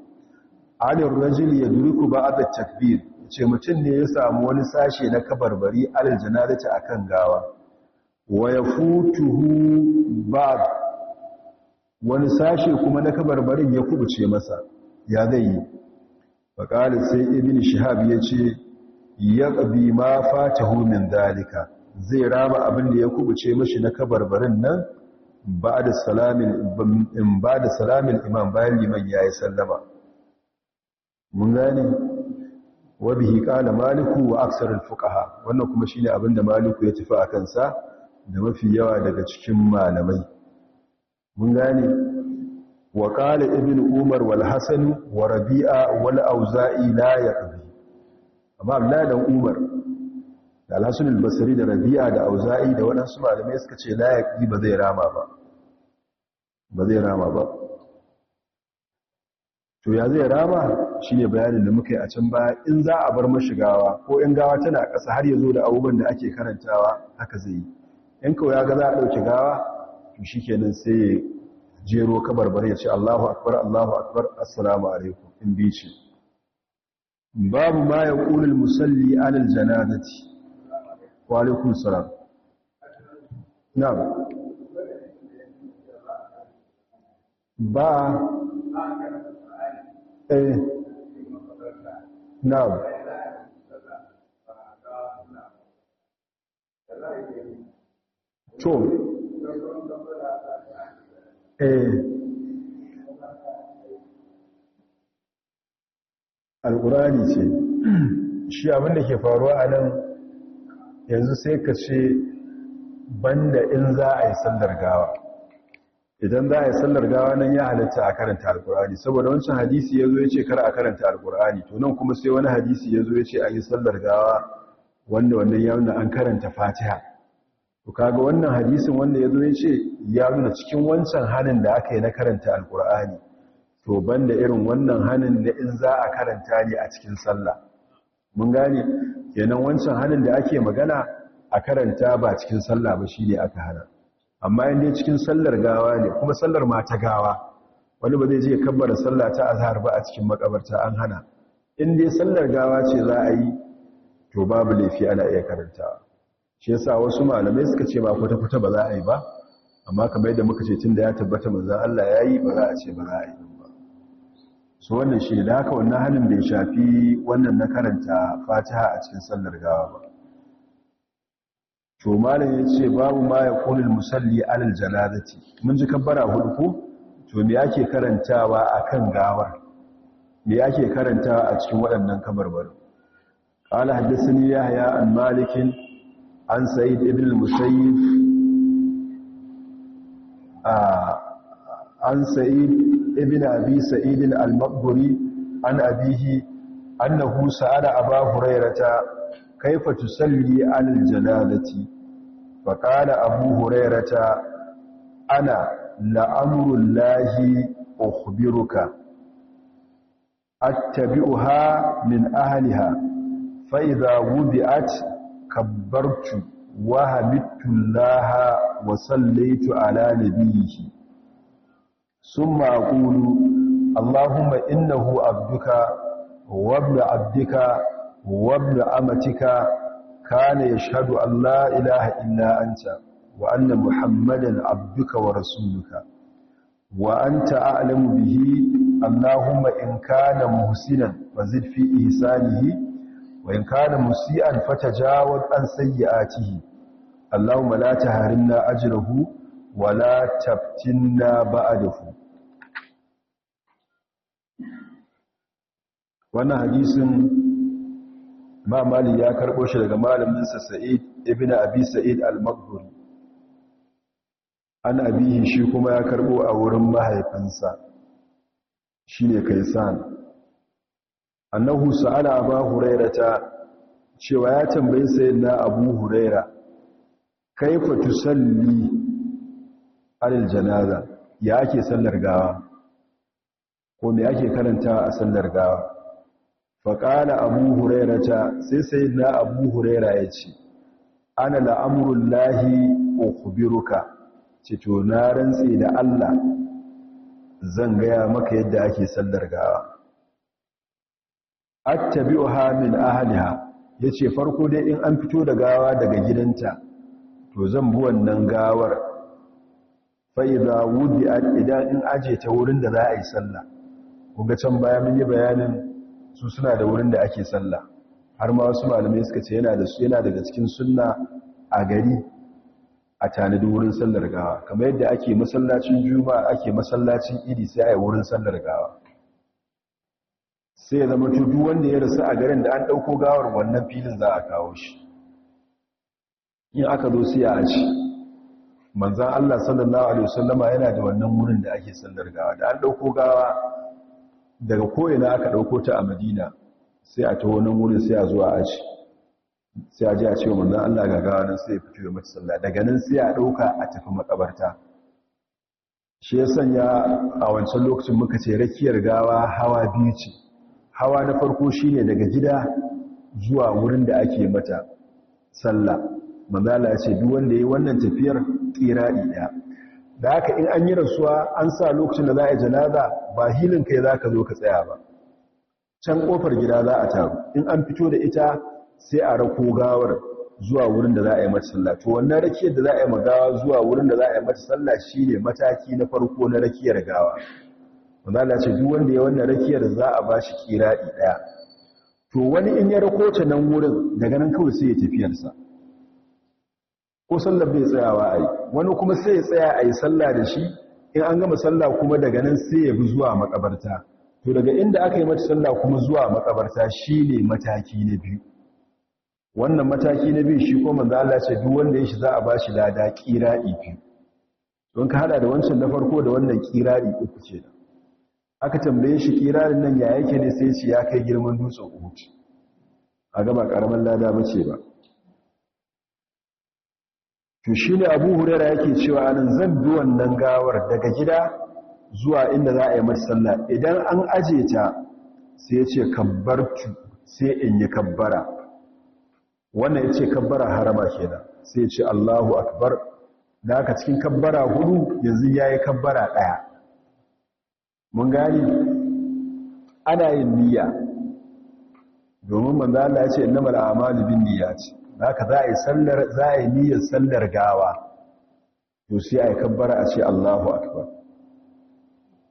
anir rajul yadruku ba'da takbir ce mutum ne ya samu wani sashe na kabarbari alal janazati akan gawa wa yafutuhu ba'd wani sashe kuma na kabarbarin ya kubuce masa ya zai yi faƙali sai ibn shihab yace ya ƙabi ma fatahu min dalika zai rama abin da ya kubuce mashi na kabarbarin nan in ba da salamin imam bayan liman ya yi sallama mun gane wabihi ƙala maliku wa aksarar fukaha wannan kuma shi ne abin da maliku ya tafi a kansa da mafi yawa daga cikin malamai mun gane wa ƙala ibn umar wal hasanu wa rabi'a wal auza'i la ya amma abdullahi dan umar da alhassan albasari da rabi'a da auza'i da waɗansu malamai suka ce layaƙi ba zai rama ba ba zai rama ba to ya zai rama shi ne bayanin da muka yi a can baya in za a bar mashigawa ko in gawa tana ƙasa har ya zo da abubuwan da ake karantawa haka zai yi in kawai ya ga za a ɗauki gawa to shi kenan sai ya jero kabarbar ya ce allahu akbar allahu akbar assalamu alaikum in bi shi babu ma ya ƙulul musalli alal janazati wa alaikum salam na'am ba eh Na. to eh alkurani ce shi abin da ke faruwa a nan yanzu sai ka ce banda in za a yi sallar gawa idan za a yi sallar gawa nan ya halatta a karanta alkurani saboda wancan hadisi ya zo ya ce kar a karanta alkurani to nan kuma sai wani hadisi ya zo ya ce a yi sallar gawa wanda wannan ya nuna an karanta fatiha to kaga wannan hadisin wanda ya zo ya ce ya nuna cikin wancan hanin da aka yi na karanta alkurani to banda irin wannan hanin da in za a karanta ne a cikin sallah mun gane kenan wancan hanin da ake magana a karanta ba cikin sallah ba shine aka hana amma in dai cikin sallar gawa ne kuma sallar mata gawa wani ba zai je kabbara sallah ta azhar ba a cikin makabarta an hana in dai sallar gawa ce za a yi to babu laifi ana iya karantawa shi yasa wasu malamai suka ce ba kwata kwata ba za a yi ba amma kamar yadda muka ce tun da ya tabbata manzon Allah yayi ba za a ce ba za a yi ba. su wannan shi da haka wannan halin bai shafi wannan na karanta fatiha a cikin sallar gawa ba to malam ya ce babu ma ya kunil musalli alal janazati mun ji kabbara hudu ko to me yake karantawa akan gawar me ake karantawa a cikin waɗannan kabarbarin قال yahya an malik an عن ibn musayyib a an سعيد ibn abi sa'id al-maqburi an abihi annahu sa'ala aba hurairata kaifa tusalli 'ala al-janazati fa qala abu hurairata ana la'amrullahi ukhbiruka attabi'uha min ahliha fa idha wudi'at kabbartu wa hamidtu allaha wa sallaitu ala nabiyhi sun maƙulu allahumma innahu abduka wabla abdika wabla amatika kane ya shaɗu allah ilaha ina'anta wa anna muhammadan abduka wa rasuluka wa an ta'alamu bihi allahumma in kana muhsinan wa zidfi ihsanihi wa in kana musi'an fata jawon ɗan sayyatihi allahumma la ta harin na ajiyar wala taftinna ba'dahu wannan hadisin ma ya karɓo shi daga malamin Sa'id ibn Abi Sa'id al-Maghduri an abihi shi kuma ya karɓo a wurin mahaifinsa shine Kaisan annahu sa'ala huraira ta cewa ya tambayi sayyidina Abu Huraira kaifa tusalli alil janaza ya ake sallar gawa ko me ake karanta a sallar gawa Faƙara abu huraira ta sai sai na abu huraira ya ce ana la'amurin lahi ukubiruka cito na rantse da allah zan gaya maka yadda ake sallar gawa attabi'uha min ahliha yace farko dai in an fito da gawa daga gidanta to zan bi wannan gawar fa'iza wudi idan in ajiye ta wurin da za a yi sallah kunga can baya mun yi bayanin su suna da wurin da ake sallah har ma wasu malamai suka ce yana da su yana daga cikin sunna a gari a tanadi wurin sallar gawa kamar yadda ake masallacin juma'a ake masallacin idi sai a yi wurin sallar gawa sai ya zama duk wanda ya rasu a garin da an ɗauko gawar wannan filin za a kawo shi in aka zo sai a aji manzan Allah sallallahu Alaihi wasallama yana da wannan wurin da ake sallar gawa da an ɗauko gawa daga ko'ina aka ɗauko ta a madina sai a ta wani wurin sai a zuwa aji sai a ji a cewa manzan Allah ga gawa nan sai ya fito ya mata sallah daga nan sai a ɗauka a tafi makabarta shi ya sanya a wancan lokacin muka ce rakiyar gawa hawa biyu ce hawa na farko shine daga gida zuwa wurin da ake mata sallah manzala ya ce duk wanda ya yi wannan tafiyar ƙira'i ɗaya da haka in an yi rasuwa an sa lokacin da za a yi janaza ba hilin kai za ka zo ka tsaya ba can ƙofar gida za a taru in an fito da ita sai a rako gawar zuwa wurin da za a yi mata sallah to wannan rakiyar da za a yi magawa zuwa wurin da za a yi mata sallah shine mataki na farko na rakiyar gawa wanda ce duk wanda ya wannan rakiyar za a ba bashi kira ɗaya. to wani in ya rako ta nan wurin daga nan kawai sai ya tafiyarsa ko sallar bai tsayawa a yi wani kuma sai ya tsaya a yi sallah da shi in an gama sallah kuma daga nan sai ya bi zuwa makabarta to daga inda aka yi mata sallah kuma zuwa makabarta shine mataki na biyu wannan mataki na biyu shi ko manzo Allah ce duk wanda ya shi za a bashi lada kira'i biyu don ka hada da wancan na farko da wannan kira'i uku ce da aka tambaye shi kirarin nan ya yake ne sai shi ya kai girman dutsen Uhud a gaba karaman lada bace ba to shi ne abu hurera yake cewa nan zan bi wannan gawar daga gida zuwa inda za a yi mata idan an aje ta sai ce kabbartu sai in yi kabbara wannan ya ce kabbara harama kenan sai ce allahu akbar da aka cikin kabbara hudu yanzu ya yi kabbara ɗaya mun gani ana yin niyya domin manzana ya ce inda a'malu bin ce haka za a yi sallar za a yi niyyar sallar gawa to sai a yi kabbara a ce Allahu akbar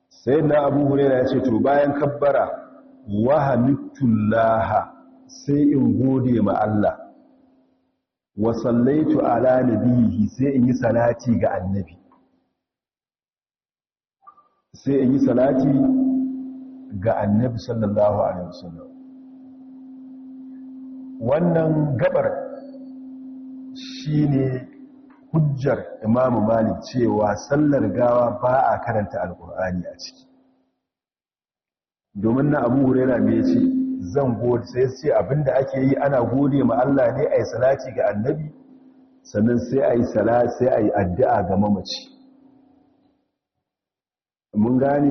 sai na Abu Hurairah ya ce to bayan kabbara wa hamitullaha sai in gode ma Allah wa sallaitu ala nabihi sai in yi salati ga annabi sai in yi salati ga annabi sallallahu alaihi wasallam wannan gabar Shi ne hujjar imamu malik cewa sallar gawa ba a karanta alkur'ani a ciki domin na abu yana mai ce zan gode sai ce abinda ake yi ana gode ma Allah ne a yi salati ga annabi sannan sai a yi sai a yi addu'a ga mamaci mun gane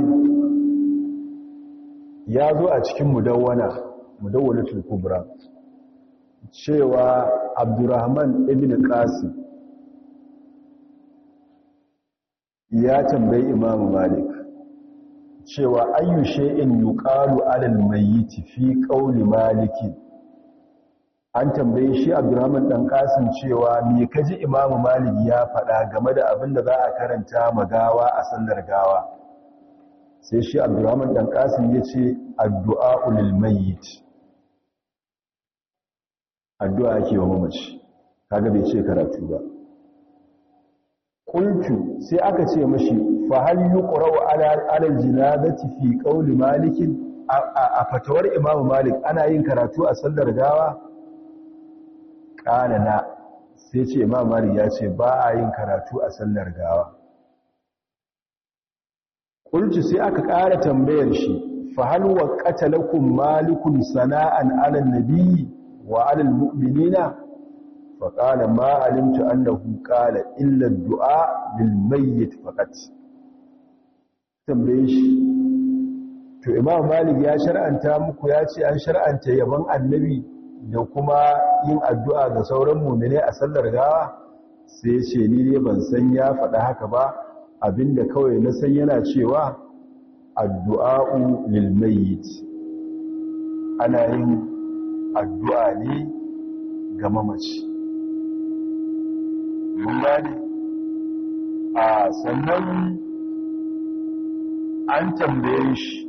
ya zo a cikin mudawwana mudawwana tulkubra cewa abdurrahman ibn qasim ya tambayi imam malik cewa ayyu shay'in yuqalu 'ala al-mayyit fi qawli maliki. an tambaye shi abdurrahman dan qasim cewa me kaji imam malik ya faɗa game da abin da za a karanta magawa a sallar gawa sai shi abdurrahman dan qasim yace addu'a lil mayyit addu'a ake wa mamaci kaga bai ce karatu ba kuntu sai aka ce mashi fa hal yuqra'u ala al jinazati fi qawli malik a fatawar imamu malik ana yin karatu a sallar gawa kana na sai ce imamu malik ya ce ba a yin karatu a sallar gawa Kuntu sai aka ƙara tambayar shi fa hal waqata malikun sana'an ala nabiyyi? wa alal mu'minina fa qala ma alimtu annahu qala illa ad-du'a bil mayyit faqat tambaye shi to imam malik ya shar'anta muku ya ce an shar'anta yaban annabi da kuma yin addu'a ga sauran mu'mine a sallar gawa sai ya ce ni ne ban san ya faɗa haka ba abinda kawai na san yana cewa addu'a'u lil mayyit ana yin addu'a ne ga mamaci mun gane a sannan an tambaye shi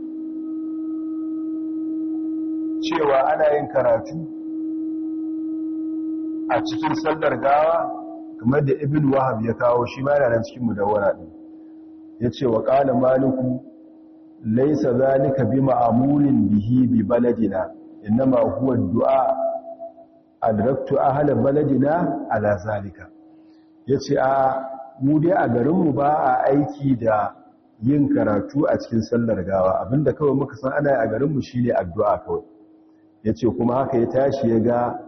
cewa ana yin karatu a cikin sallar gawa kamar da ibn wahab ya kawo shi ma yana cikin mudawwara din yace wa qala maliku laysa zalika bi ma'amulin bihi bi baladina innama huwa du'a adraktu ahla baladina ala zalika yace a mu dai a garin mu ba a aiki da yin karatu a cikin sallar gawa abinda kawai muka san ana a garin mu shine addu'a kawai yace kuma haka ya tashi ya ga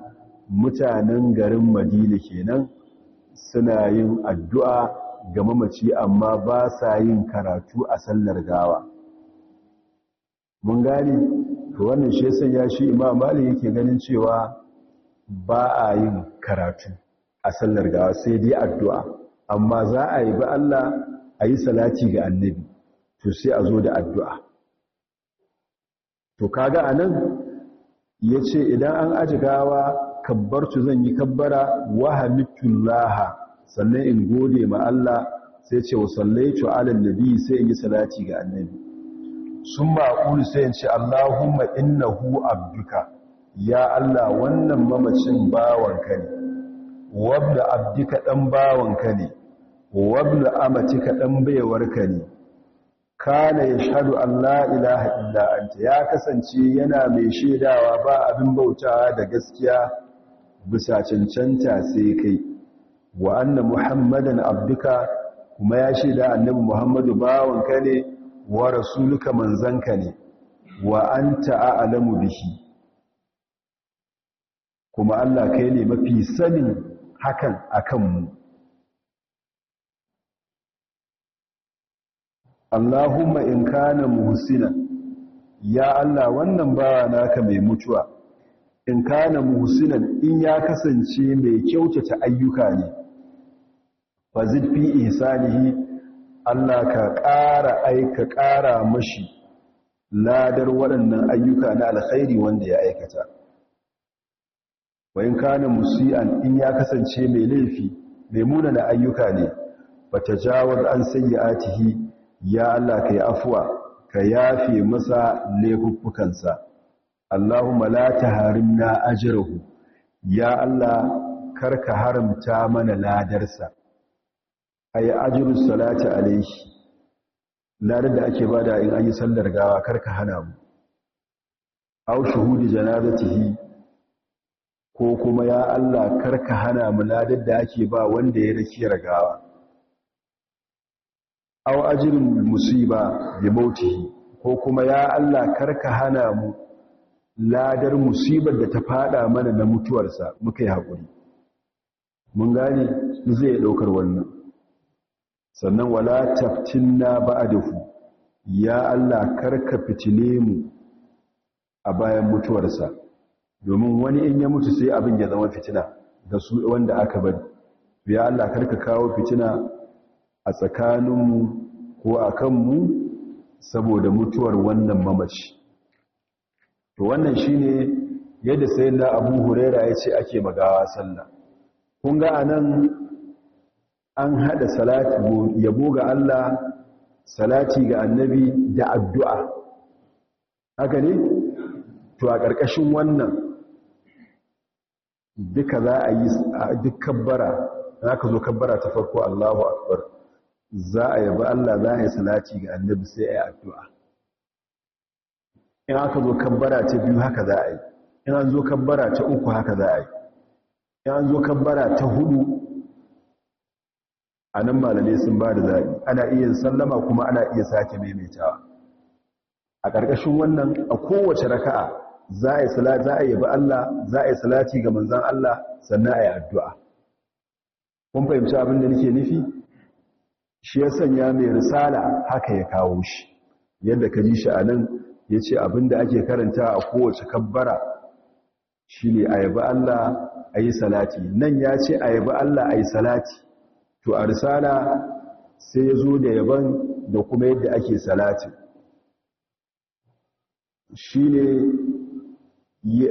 mutanen garin Madina kenan suna yin addu'a ga mamaci amma ba sa yin karatu a sallar gawa mun gane to wannan shi yasan ya shi imam malik yake ganin cewa ba a yin karatu a sallar gawa sai dai addu'a amma za a yi ba Allah a yi salati ga annabi to sai a zo da addu'a to kaga anan yace idan an aji gawa kabbartu zan yi kabbara wa hamitullaha sannan in gode ma Allah sai ce wa sallaitu ala annabi sai in yi salati ga annabi sun ma'ulu sai in ce Allahumma hu abduka ya Allah wannan mamacin bawanka ne wabda abduka dan bawanka ne wabda amatika dan baiwarka ne kana ya an Allah ilaha illa anta ya kasance yana mai shaidawa, ba abin bauta da gaskiya bisa cancanta sai kai wa muhammadan abduka kuma ya sheda annabi muhammadu bawanka ne wa rasuluka manzanka ne wa anta a'lamu bihi kuma Allah kai ne mafi sanin hakan akan mu Allahumma in kana muhsina ya Allah wannan bawa naka mai mutuwa in kana muhsinan in ya kasance mai kyautata ayyuka ne fazid fi ihsanihi Allah ka ƙara aika ƙara mashi ladar waɗannan ayyuka na alkhairi wanda ya aikata wayin kanin musi'an in ya kasance mai laifi mai muna na ayyuka ne Ba ta jawar an atihi, ya Allah kai afuwa, ka yafe masa laifuffukansa Allahumma la na ajrahu ya Allah karka haramta mana ladarsa a yi ajiyar salati alaihi larar da ake bada in an yi sallar gawa karka hana mu au shuhudi janazatihi ko kuma ya Allah karka hana mu larar da ake ba wanda ya rakiyar gawa au ajrin musiba bi mautihi ko kuma ya Allah karka hana mu ladar musibar da ta fada mana na mutuwarsa muka yi haƙuri mun gane zai ɗaukar wannan sannan wala taftinna ba'dahu ya Allah karka fitine mu a bayan mutuwarsa domin wani in ya mutu sai abin ya zama fitina da su wanda aka bari ya Allah karka kawo fitina a tsakaninmu ko a mu saboda mutuwar wannan mamaci to wannan shine yadda sayyidina Abu Huraira ya ce ake magawa sallah kun ga anan an haɗa salati yabo ga Allah salati ga annabi da addu'a haka ne to a ƙarƙashin wannan duka za a yi duk kabbara za ka zo kabbara ta farko Allahu akbar za a yabi Allah za a yi salati ga annabi sai a yi addu'a in aka zo kabbara ta biyu haka za a yi in an zo kabbara ta uku haka za a yi in an zo kabbara ta hudu a nan malamai sun ba da zaɓi ana iya sallama kuma ana iya sake maimaitawa a ƙarƙashin wannan a kowace raka'a za a yi za a yi Allah za a yi salati ga manzon Allah sannan a yi addu'a kun fahimci abin da nake nufi shi ya sanya mai risala haka ya kawo shi yadda ka ji shi a nan ya ce abin da ake karanta a kowace kabbara shi ne a Allah a yi salati nan ya ce a Allah a yi salati to a risala sai ya zo da yaban da kuma yadda ake salati shi ne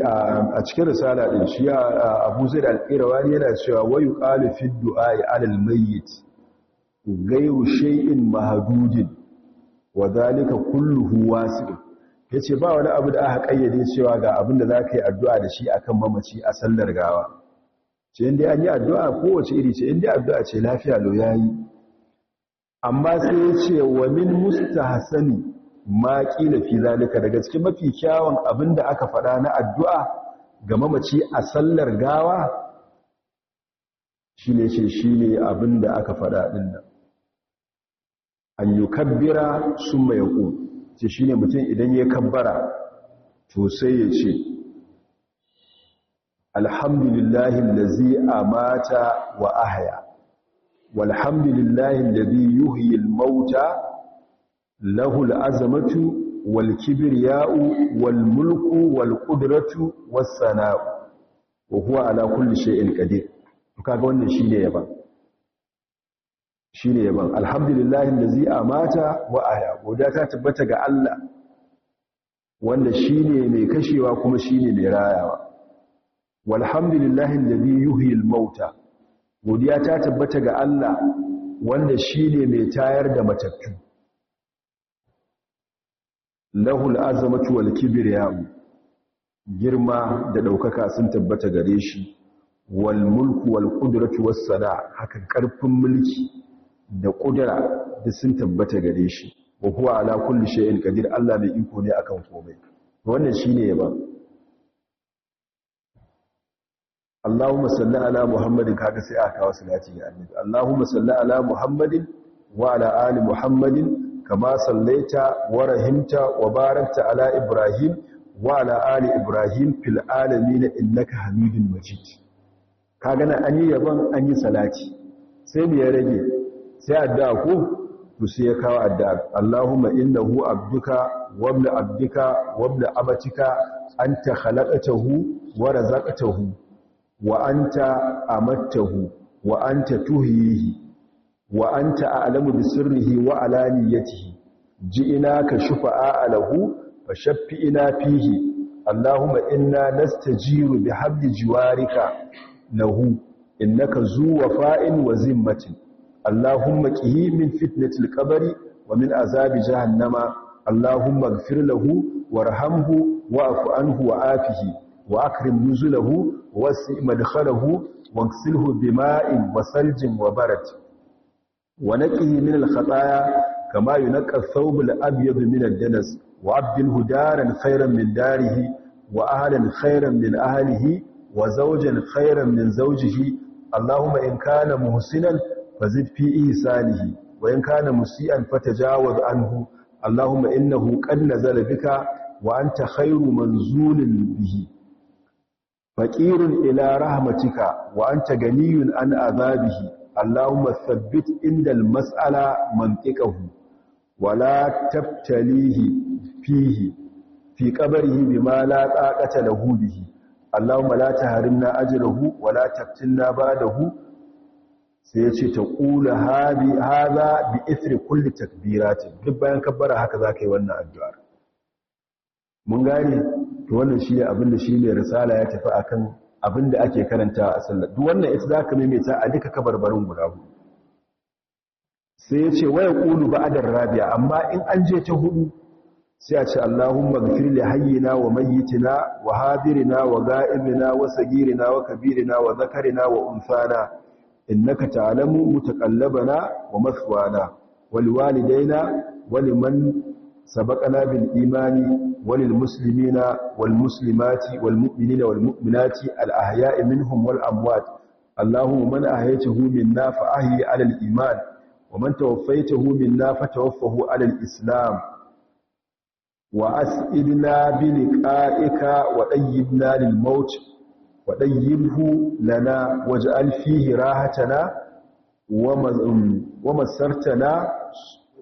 a cikin risala ɗin shi abu zai da alƙirawa yana cewa wayu ƙalifin du'a ya alal mayyit gairu shay'in mahadudin wa zalika kulluhu Ya ce ba wani abu da aka ƙayyade cewa ga abin da za ka yi addu'a da shi akan mamaci a sallar gawa ce inda an yi addu'a kowace iri ce inda addu'a ce lafiya lo ya yi amma sai ya ce wa min musta Hassani ma ƙila fi zalika daga cikin mafi kyawun abinda aka faɗa na addu'a ga mamaci a sallar gawa shi ne ce shi ne abin aka faɗa ɗin nan an yi kabbira sun mai yaƙo ce shi ne mutum idan ya kabbara to sai ya ce alhamdulillahi allazi amata wa ahya walhamdulillahi allazi yuhyi al-mauta lahu al-azamatu wal kibriya'u wal mulku wal qudratu was sana'u wa huwa ala kulli shay'in qadir kaga wannan shine yaban shine yaban alhamdulillahi allazi amata wa ahya godiya ta tabbata ga Allah wanda shine mai kashewa kuma shine mai rayawa walhamdulillahi alladhi yuhyi al-mauta godiya ta tabbata ga Allah wanda shine mai tayar da matattu lahul azamatu wal kibriya girma da daukaka sun tabbata gare shi wal mulku wal qudratu was sada haka karfin mulki da kudura da sun tabbata gare shi wa huwa ala kulli shay'in qadir Allah mai iko ne akan komai wannan shine yaba Allahumma salli ala Muhammadin kaga sai aka kawo salati ga Annabi Allahumma salli ala Muhammadin wa ala ali Muhammadin kama sallaita wa rahimta wa barakta ala Ibrahim wa ala ali Ibrahim fil alamin innaka Hamidum Majid kaga nan an yi yaban, an yi salati sai me ya rage sai addu'a ko ku? sai ya kawo addu'a Allahumma innahu abduka wa ibn abdika wa ibn amatika anta khalaqtahu wa razaqtahu Wa'anta a amattahu wa'anta anta tuhihi wa a'lamu bi sirrihi wa alaniyatihi ji'inaka shufa'a lahu fa shaffi'ina fihi allahumma inna nastajiru bi habdi jiwarika lahu innaka zuwa fa'in wa zimmatin allahumma qihi min fitnatil qabri wa min azabi jahannama allahumma ighfir lahu warhamhu wa'fu anhu wa'afihi wa akrim nuzulahu Wasu madkhalahu waghsilhu bima'in wa wa barat wa naqihi min al-khataaya kama yunqa ath-thawb al-abyad min ad-danas wa abdilhu daran khayran min darihi wa ahlan khayran min ahlihi wa zawjan khayran min zawjihi allahumma in kana muhsinan fazid fi ihsanihi wa in kana musian fatajawaz anhu allahumma innahu qad nazala bika wa anta khayru manzulin bihi Faƙirin ila rahmatika wa anta ganiyun an azabihi allahumma sabbit indal mas'ala mantiqahu wa la tabtalihi fihi fi qabrihi ma la taqata na bihi allahumma la tahrimna ajrahu wa la da hu, sai ya ce ta ƙula haza bi isri kulli takbiratin duk bayan kabbara haka za ka yi wannan addu'ar mun gane to wannan shi ne abin da shi ne risala ya tafi akan abin da ake karanta a sallar duk wannan ita za ka maimaita a duka kabarbarin guda hudu sai ya ce waya ƙulu ba adar rabia amma in an je ta hudu sai a ce allahun magfir li hayyina wa mayyitina wa hadirina wa ga'ibina wa sagirina wa kabirina wa zakarina wa unsana innaka ta'lamu mutaqallabana wa maswana wal walidaina wa liman sabaqana bil imani walil muslimina wal muslimati wal mu'minina wal mu'minati al ahya'i minhum wal amwat Allahumma man ahyaytahu fa ahyi ala al iman wa man tawaffaytahu minna fa tawaffahu ala al islam wa as'idna bi liqa'ika wa dayyibna lil maut wa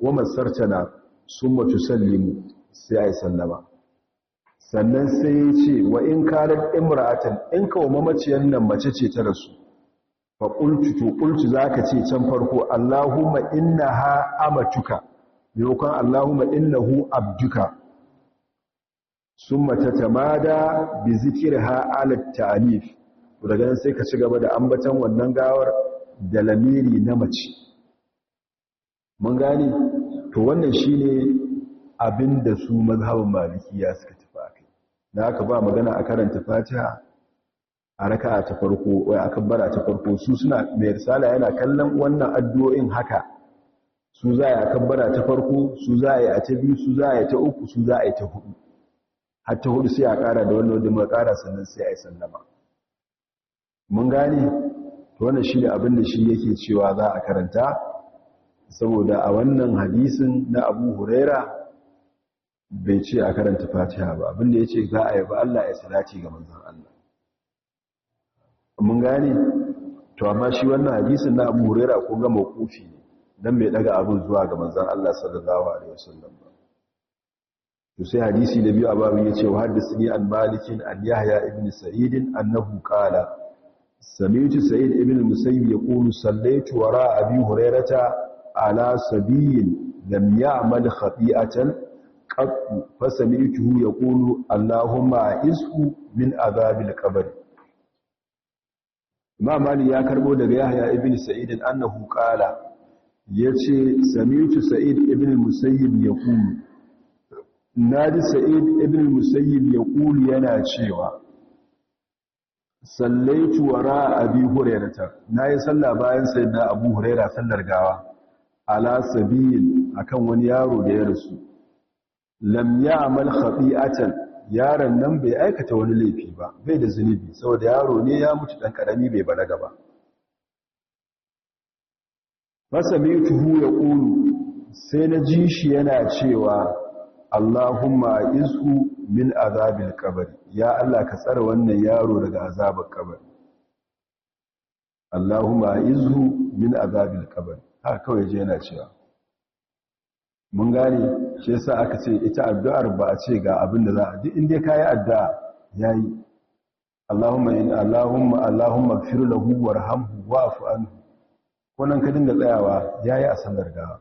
wa sai ai sallama sannan sai ya ce wa in kalat imra'atan in kawo mamaciyan nan mace ce ta rasu fa qultu to qultu za ce can farko allahumma inna ha amatuka maimakon allahumma innahu abduka sun mace tamada bi zikir ala alat daga nan sai ka ci gaba da ambatan wannan gawar da lamiri na mace mun gane to wannan shine Abin da su mazhabin malikiya suka tafi kai. da aka ba magana a karanta fatiha a raka ta farko wai aka bara ta farko su suna mai risala yana kallon wannan addu'o'in haka su za a kabbara ta farko su za a yi a ta biyu su za a yi ta uku su za a yi ta hudu har ta hudu sai a kara da wannan wajen muka kara sannan sai a yi sallama mun gane to wannan shi ne abin da shi yake cewa za a karanta saboda a wannan hadisin na abu huraira bai ce a karanta fatiha ba abinda ya ce za a yi ba Allah ya salati ga manzan Allah mun gane to amma shi wannan hadisin na abu huraira ko gama makufi ne dan mai daga abin zuwa ga manzan Allah sallallahu alaihi wasallam ba to sai hadisi da biyu a babu ya ce wa da an malikin an yahya ibn sa'id annahu qala sami'tu sa'id ibn musayyib yaqulu sallaytu wara abi hurairata ala sabiyin lam ya'mal khati'atan qattu fasami'tuhu yaqulu allahumma isku min azabil qabr imam mali ya karbo daga yahya ibn sa'id annahu qala yace sami'tu sa'id ibn musayyib yaqulu naji sa'id ibn musayyib yaqulu yana cewa sallaitu wara abi hurairata nayi sallah bayan sayyidina abu huraira sallar gawa ala sabil akan wani yaro da ya rasu lam ya'mal khabi'atan yaron nan bai aikata wani laifi ba bai da zunubi saboda yaro ne ya mutu dan karami bai balaga ba fasami'tuhu yaqulu sai na ji shi yana cewa Allahumma isu min azabil kabari ya Allah ka tsara wannan yaro daga azabar kabari Allahumma isu min azabil kabari haka kawai je yana cewa mun gane shi yasa aka ce ita addu'ar ba a ce ga abin da za a duk inda ka yi addu'a ya yi allahumma in allahumma allahumma firu lahu warhamhu wa afu an ka dinga tsayawa ya yi a sallar da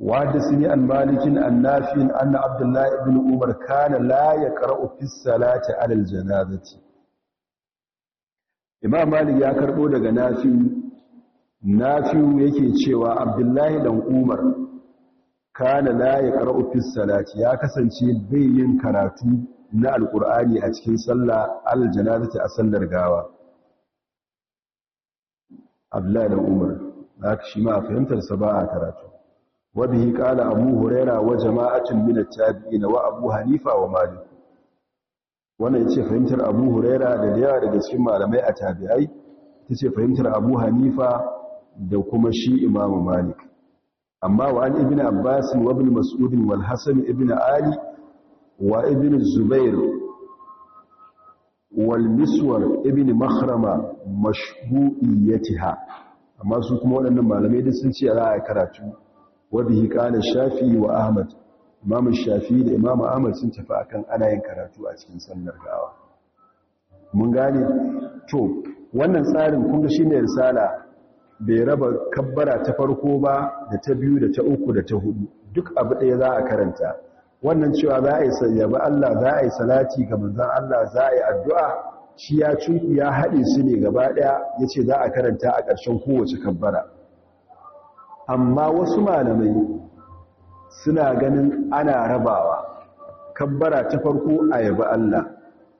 wa da sun an malikin an nafiyin abdullahi ibn umar kana la ya karɓo fissalata alal janazati imam malik ya karɓo daga nafiyin Na nafi'u yake cewa abdullahi dan umar kana la yaqra'u fi salati ya kasance bai yin karatu na alqur'ani a cikin sallah aljanazati a sallar gawa abdullahi dan umar haka shi ma fahimtar sa ba a karatu wa bihi qala abu huraira wa jama'atun min at-tabi'in wa abu hanifa wa malik wannan yace fahimtar abu huraira da da yawa daga cikin malamai a tabi'ai ce fahimtar abu hanifa da kuma shi imamu malik amma wa an ibn abbas wa ibn mas'ud ibina ali wa ibn zubair wal miswar ibn makhrama mashhu'iyatiha amma su kuma waɗannan malamai duk sun ce za a karatu wa bihi qala shafi wa ahmad imam shafi da imam ahmad sun tafi akan ana yin karatu a cikin sallar gawa mun gane to wannan tsarin kun ga shine risala bai raba kabbara ta farko ba da ta biyu da ta uku da ta hudu duk abu ɗaya za a karanta wannan cewa za a yi sayyaba Allah za a yi salati ga manzon Allah za a yi addu'a shi ya cunku ya haɗe su ne gaba ɗaya ya ce za a karanta a ƙarshen kowace kabbara amma wasu malamai suna ganin ana rabawa kabbara ta farko a yabi Allah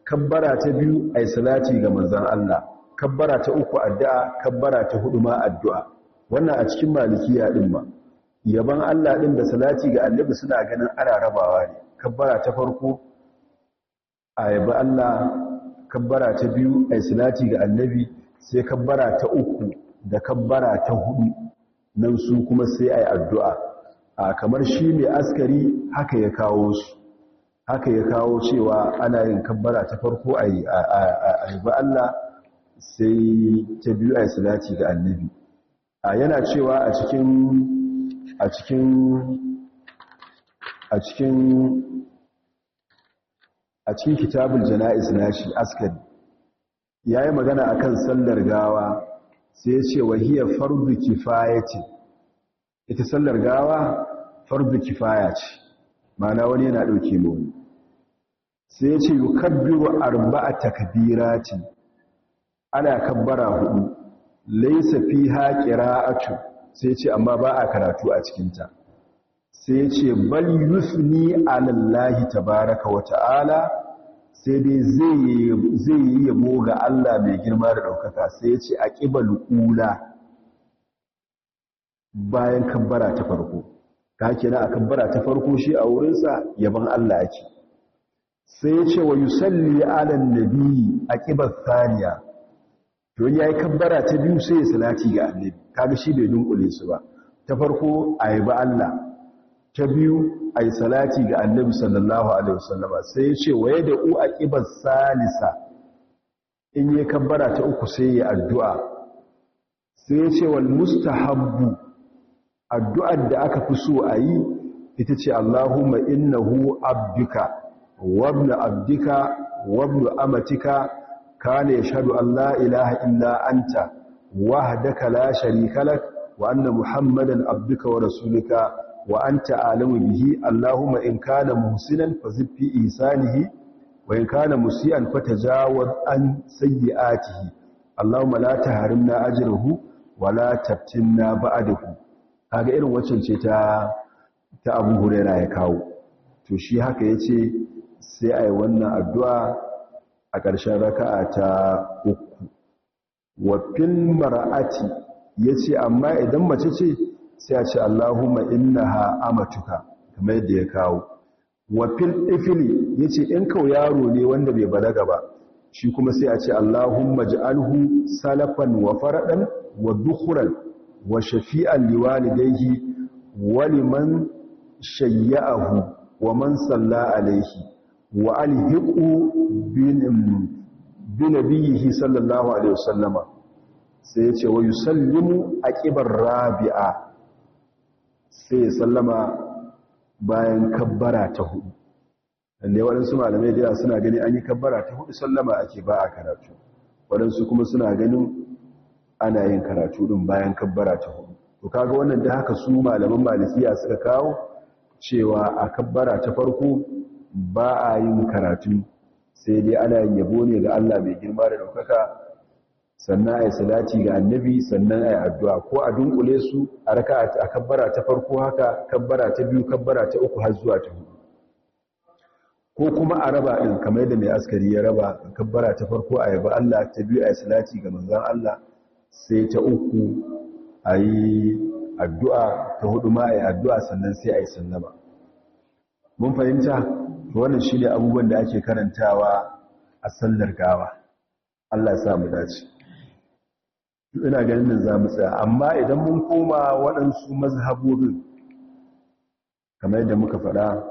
kabbara ta biyu a yi salati ga manzon Allah kabbara ta uku addu'a kabbara ta hudu ma addu'a wannan a cikin malikiya din ma yaban Allah ɗin da salati ga annabi suna ganin ana rabawa ne kabbara ta farko a Allah kabbara ta biyu a salati ga annabi sai kabbara ta uku da kabbara ta hudu nan su kuma sai yi addu'a a kamar shi mai askari haka ya kawo su haka ya kawo cewa ana yin kabbara ta farko a Allah sai ta biyu a salati ga annabi a yana cewa a cikin a cikin a cikin a cikin kitabul jana'iz nashi askari yayi magana akan sallar gawa sai ya ce wahiya fardu kifaya ce ita sallar gawa fardu kifaya ce ma'ana wani yana dauke mu sai ya ce yukabbiru arba'a takbirati ana kabbara hudu laisa fiha qira'atu sai ce amma ba a karatu a cikin ta sai ce bal yusni alallahi tabaaraka wa ta'ala sai dai zai zai yi ya Allah mai girma da daukaka sai ce aqibal ula bayan kabbara ta farko ka kira a kabbara ta farko shi a wurin wurinsa yaban Allah yake sai ce wa yusalli ala nabi aqibat thaniya don ya yi kabbara ta biyu sai ya salati ga annabi kaga shi bai dunkule su ba ta farko a Allah ta biyu a salati ga annabi sallallahu alaihi wasallama sai ya ce waye da u ƙibar salisa in yi kabbara ta uku sai ya addu'a sai ya ce wal mustahabbu addu'ar da aka fi so a yi ita ce Allahumma innahu abduka wa abduka, abdika wa amatika kana yashhadu an la ilaha illa anta wahdaka la sharika lak wa anna muhammadan abduka wa rasulika wa anta alamu bihi allahumma in kana muhsinan fazid fi ihsanihi wa in kana musian fatajawaz an sayyi'atihi allahumma la tahrimna ajrahu wa la taftinna ba'dahu kaga irin wancan ce ta ta Abu Hurairah ya kawo to shi haka yace sai ai wannan addu'a a ƙarshen raka'a ta uku wa mara'ati yace yace amma idan mace ce sai a ce allahumma innaha amatuka kamar yadda ya kawo wa fil yace yace in kau yaro ne wanda bai balaga ba shi kuma sai a ce allahumma ji'alhu salafan wa faradan wa dukuran wa shafi'an wa liman shayya'ahu wa man salla alaihi wa alhiqu bi nabiyhi sallallahu alaihi wasallama sai ya ce wa yusallimu aqibar rabi'a sai ya sallama bayan kabbara ta hudu lalle waɗansu malamai da suna gani an yi kabbara ta hudu sallama ake ba a karatu waɗansu kuma suna ganin ana yin karatu ɗin bayan kabbara ta hudu to kaga wannan da haka su malaman malikiya suka kawo cewa a kabbara ta farko ba a yin karatu sai dai ana yin yabo ne ga Allah mai girma da daukaka sannan a salati ga annabi sannan a addu'a ko a dunkule su a raka a kabbara ta farko haka kabbara ta biyu kabbara ta uku har zuwa ta hudu ko kuma a raba ɗin kamar da mai askari ya raba kabbara ta farko a yaba Allah ta biyu a salati ga manzan Allah sai ta uku a addu'a ta hudu ma a addu'a sannan sai a yi sallama mun fahimta wannan shi ne abubuwan da ake karantawa a sallar gawa Allah ya mu dace ina ganin da za mu tsaya amma idan mun koma waɗansu mazhabobin kamar yadda muka faɗa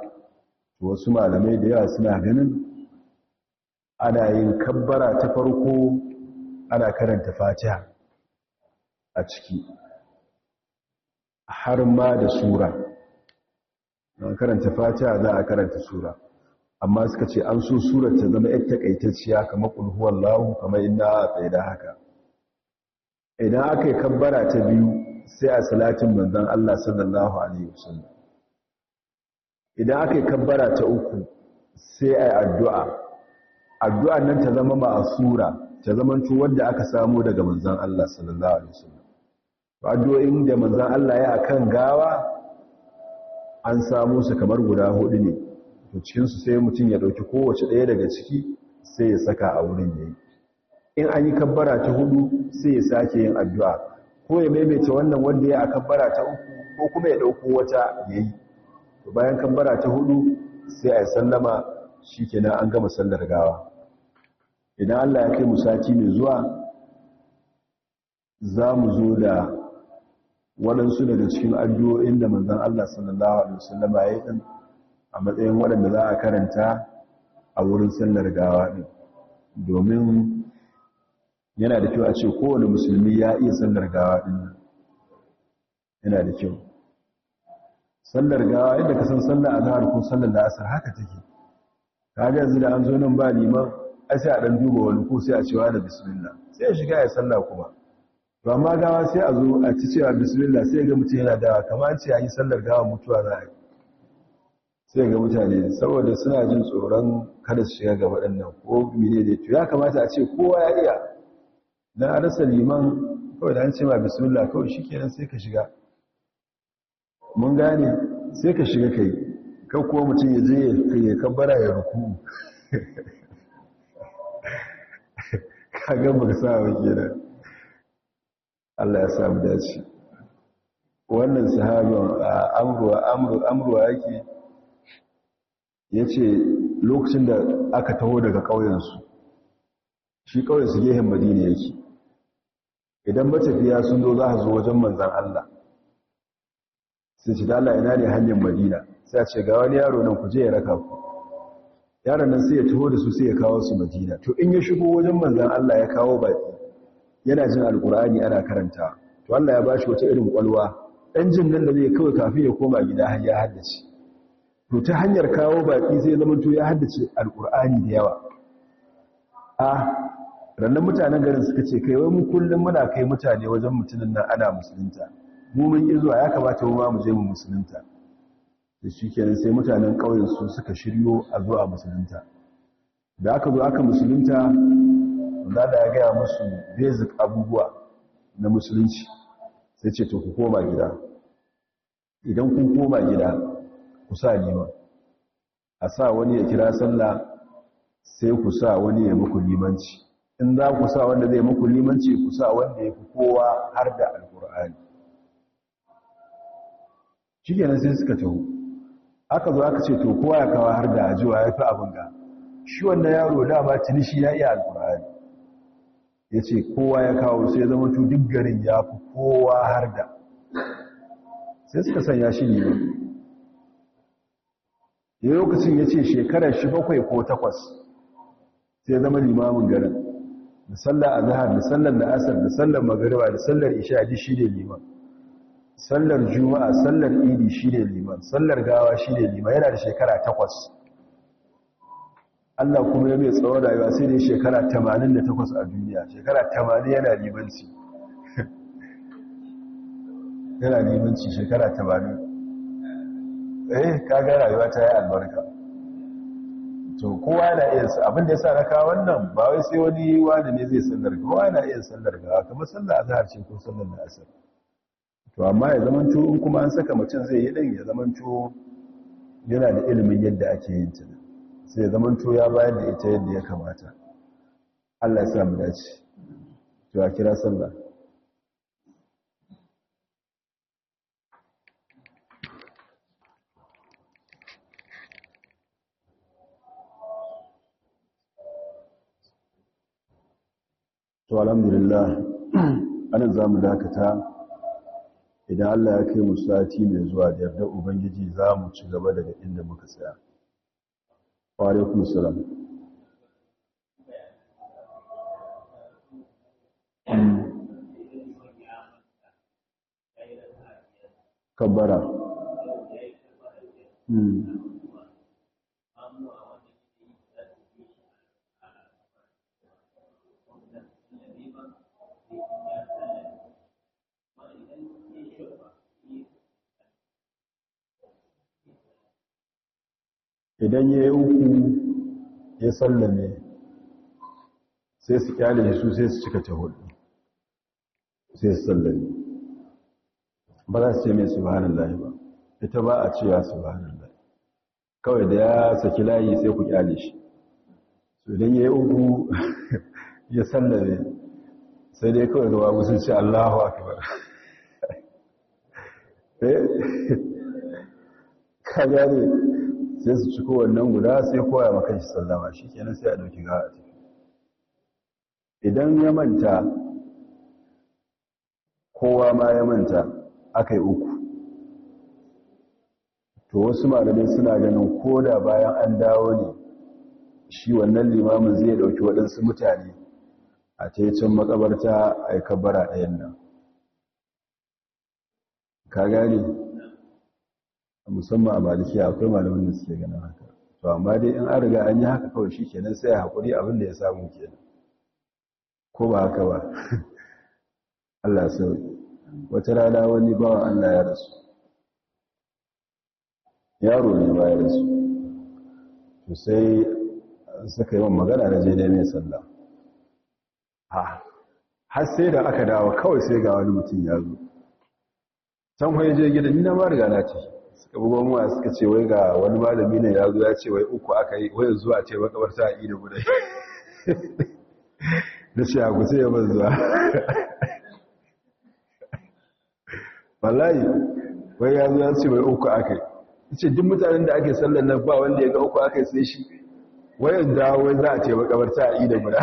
wasu malamai da yawa suna ganin ana yin kabbara ta farko ana karanta fatiha a ciki har ma da sura karanta fatiha za a karanta sura amma suka ce an so surar ta zama yadda kaitacciya kamar kulhuwar lahu kamar inda a tsaye da haka idan aka yi kabbara ta biyu sai a salatin manzan Allah sallallahu alaihi wasallam idan aka yi kabbara ta uku sai a yi addu'a addu'an nan ta zama ma'asura ta zamanto wadda aka samu daga manzan Allah sallallahu alaihi wasallam addu'o'in da manzan Allah ya akan gawa an samu su kamar guda hudu ne to cikinsu sai mutum ya ɗauki kowace ɗaya daga ciki sai ya saka a wurin yayi in an yi kabbara ta hudu sai ya sake yin addu'a ko ya maimaita wannan wanda ya a kabbara ta uku ko kuma ya ɗauko wata yayi to bayan kabbara ta hudu sai a sallama shi shikenan an gama sallar gawa idan Allah ya kai mu sati mai zuwa za mu zo da waɗansu daga cikin addu'o'in da manzon Allah sallallahu alaihi wasallama ya yi a matsayin waɗanda za a karanta a wurin sallar gawa ɗin domin yana da kyau a ce kowane musulmi ya iya sallar gawa ɗin yana da kyau sallar gawa yadda ka san sallar zahar ko sallar la'asar haka take ga yanzu da an zo nan ba liman a sai a ɗan duba wani ko sai a cewa da bisimila, sai ya shiga ya salla kuma to amma gawa sai a zo a ci cewa bisimila sai ga mutum yana dawa kamar an ce yi sallar gawa mutuwa za a yi sai ga mutane saboda suna jin tsoron kada su shiga ga waɗannan ko mene ne to ya kamata a ce kowa ya iya Na rasa liman kawai da an ce ma bismillah kawai shikenan sai ka shiga mun gane sai ka shiga kai kan kuma mutum ya je ya kabbara ya ruku [laughs] kagan ba sa wa kenan Allah ya samu dace wannan sahabin amruwa amruwa yake ya ce lokacin da aka taho daga ƙauyensu shi ƙauyensu gehen madina yake idan matafiya sun zo za a zo wajen manzan Allah sai ci dala ina ne hanyar madina sai a ce ga wani yaro nan ku je ya raka ku yaron nan sai ya taho da su sai ya kawo su madina to in ya shigo wajen manzan Allah ya kawo baki yana jin alkur'ani ana karanta to Allah ya bashi wata irin kwalwa dan jin nan da zai kawai kafin ya koma gida har ya haddace to ta hanyar kawo baƙi sai zamanto ya haddace alƙur'ani da yawa a rannan mutanen garin suka ce kai wai mu kullum muna kai mutane wajen mutunan nan ana musulunta mu mun yi zuwa ya kamata mu ma mu je mu musulunta da shikenan sai mutanen ƙauyen su suka shiryo a zuwa musulunta da aka zo aka musulunta za da ya gaya musu basic abubuwa na musulunci sai ce to ku koma gida idan kun koma gida ku sa liman a sa wani ya kira sallah sai ku sa wani ya muku limanci in za ku sa wanda zai muku limanci ku sa wanda ya fi kowa har da alkur'ani shi kenan sai suka taho aka zo aka ce to kowa ya kawo har da ajiwa ya fi abin ga shi wannan yaro dama tuni shi ya iya alkur'ani ya ce kowa ya kawo sai zama tu duk garin ya fi kowa har da sai suka sanya shi liman ya lokacin ya ce shekarar shi bakwai ko takwas sai zama limamin garin da sallar azahar da sallar asar da sallar magariba da sallar isha ji shi ne liman sallar juma'a sallar idi shi ne liman sallar gawa shi ne liman yana da shekara takwas Allah kuma ya mai tsawon rayuwa sai da shekara takwas a duniya shekara tamanin yana limanci [laughs] yana limanci shekara tamanin eh kaga rayuwa ta yi albarka to kowa yana iya abin da yasa na kawo wannan ba wai sai wani wani ne zai sallar ga kowa yana iya sallar ga kamar sallar har ce ko sallar da asar to amma ya zaman to in kuma an saka mutum zai yi din ya zaman to yana da ilimin yadda ake yin ta sai ya zaman to ya bayar da ita yadda ya kamata Allah ya sa mu dace to a kira sallah to alhamdulillah [clears throat] za zamu dakata idan Allah ya kai mu sati mai zuwa da yarda ubangiji zamu ci gaba daga inda muka tsaya wa alaikum salam kabbara hmm. idan ya yi uku ya sallame sai su kyale su sai su cika ta hudu sai su sallame ba za su ce mai subhanan layi ba ita ba a ce su subhanan layi kawai da ya saki layi sai ku kyale shi su idan ya yi uku [laughs] ya sallame sai dai kawai gaba musu ce allahu akbar [laughs] eh [laughs] ka gane sai su ci kowannan guda sai koya maka shi sallama shi kenan sai a ɗauki gawa a idan ya manta kowa ma ya manta aka yi uku to wasu malamai suna ganin ko da bayan an dawo ne shi wannan limamin zai ɗauki waɗansu mutane a taicin makabarta a yi ɗayan nan ka gani. musamman a malikiya akwai malamin da suke ganin haka to amma dai in an riga an yi haka kawai shi kenan sai a haƙuri abin da ya samu kenan ko ba haka ba [laughs] Allah sauki wata rana wani bawan Allah ya rasu yaro ne ba ya rasu to sai suka yi magana da je ne mai sallah ha har sai da aka dawo kawai sai ga wani mutum ya zo can kwaye je gidan ni na ba riga na ce suka wa suka ce wai ga wani malami ne ya zo ya ce wai uku aka yi wai zuwa ce makabar ta da guda na ce haku sai ya ban zuwa wallahi wai ya zo ya ce wai uku aka yi ce duk mutanen da ake sallan na ba wanda ya ga uku aka yi sai shi wayan da wai za a ce makabar ta da guda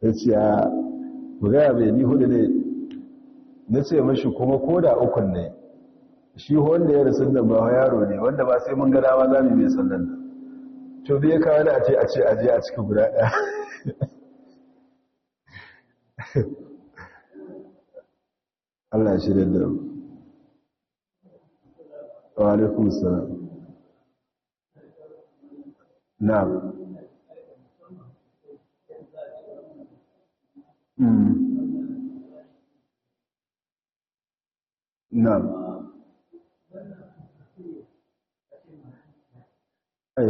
ya ce ya gaya mai ni hudu ne na ce mashi kuma ko da ukun ne shi wanda ya rasu da bawa yaro ne wanda ba sai mun ga dama za mu mai sannan da to bai kawo da a ce a ce aje a cikin guda ɗaya [laughs] Allah shi da da wa alaikum salam Mm. No. To, ita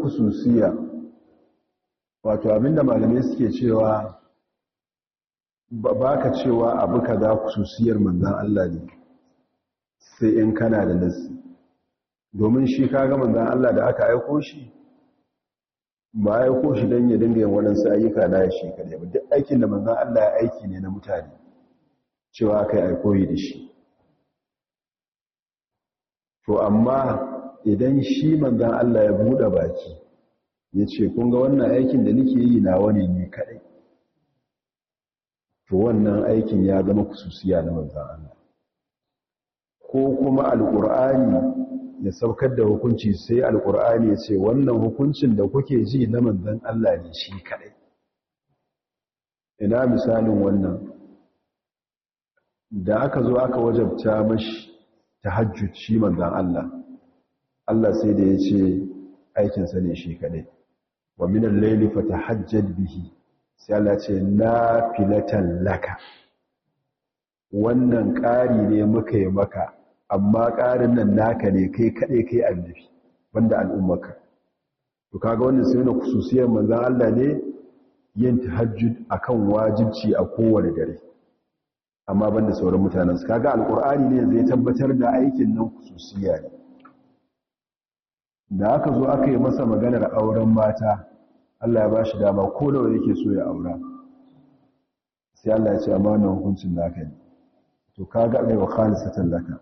kususiya, wato abinda malamai suke cewa ba ka cewa abu kaza kususiyar manzan Allah ne, sai in kana da nasi. domin shi ka kaga manzan Allah da aka aiko shi ba aiko shi don ya dinga yin waɗansu ayyuka na shi kaɗai ba duk aikin da manzan Allah ya aiki ne na mutane cewa aka aiko yi da shi to amma idan shi manzan Allah ya buɗe baki ya ce kun ga wannan aikin da nake yi na wani ne kaɗai to wannan aikin ya zama kususiya na manzan Allah ko kuma alƙur'ani ya saukar da hukunci sai alkur'ani ya ce wannan hukuncin da kuke ji na manzan Allah ne shi kaɗai ina misalin wannan da aka zo aka wajabta mashi ta hajjud shi manzan Allah Allah sai da ya ce aikinsa ne shi kaɗai wa minan laili fata bihi sai Allah ce na filatan laka wannan ƙari ne muka yi maka amma ƙarin nan naka ne kai kaɗai kai annabi wanda al'ummaka to kaga wannan sai na kususiyar manzan Allah ne yin tahajjud akan wajibci a kowane dare amma banda sauran mutanen su kaga alqur'ani ne zai tabbatar da aikin nan kususiya ne da aka zo aka yi masa maganar auren mata Allah ya bashi dama ko da yake so ya aura sai Allah ya ce amma wannan hukuncin naka ne to kaga mai wa khalisatan laka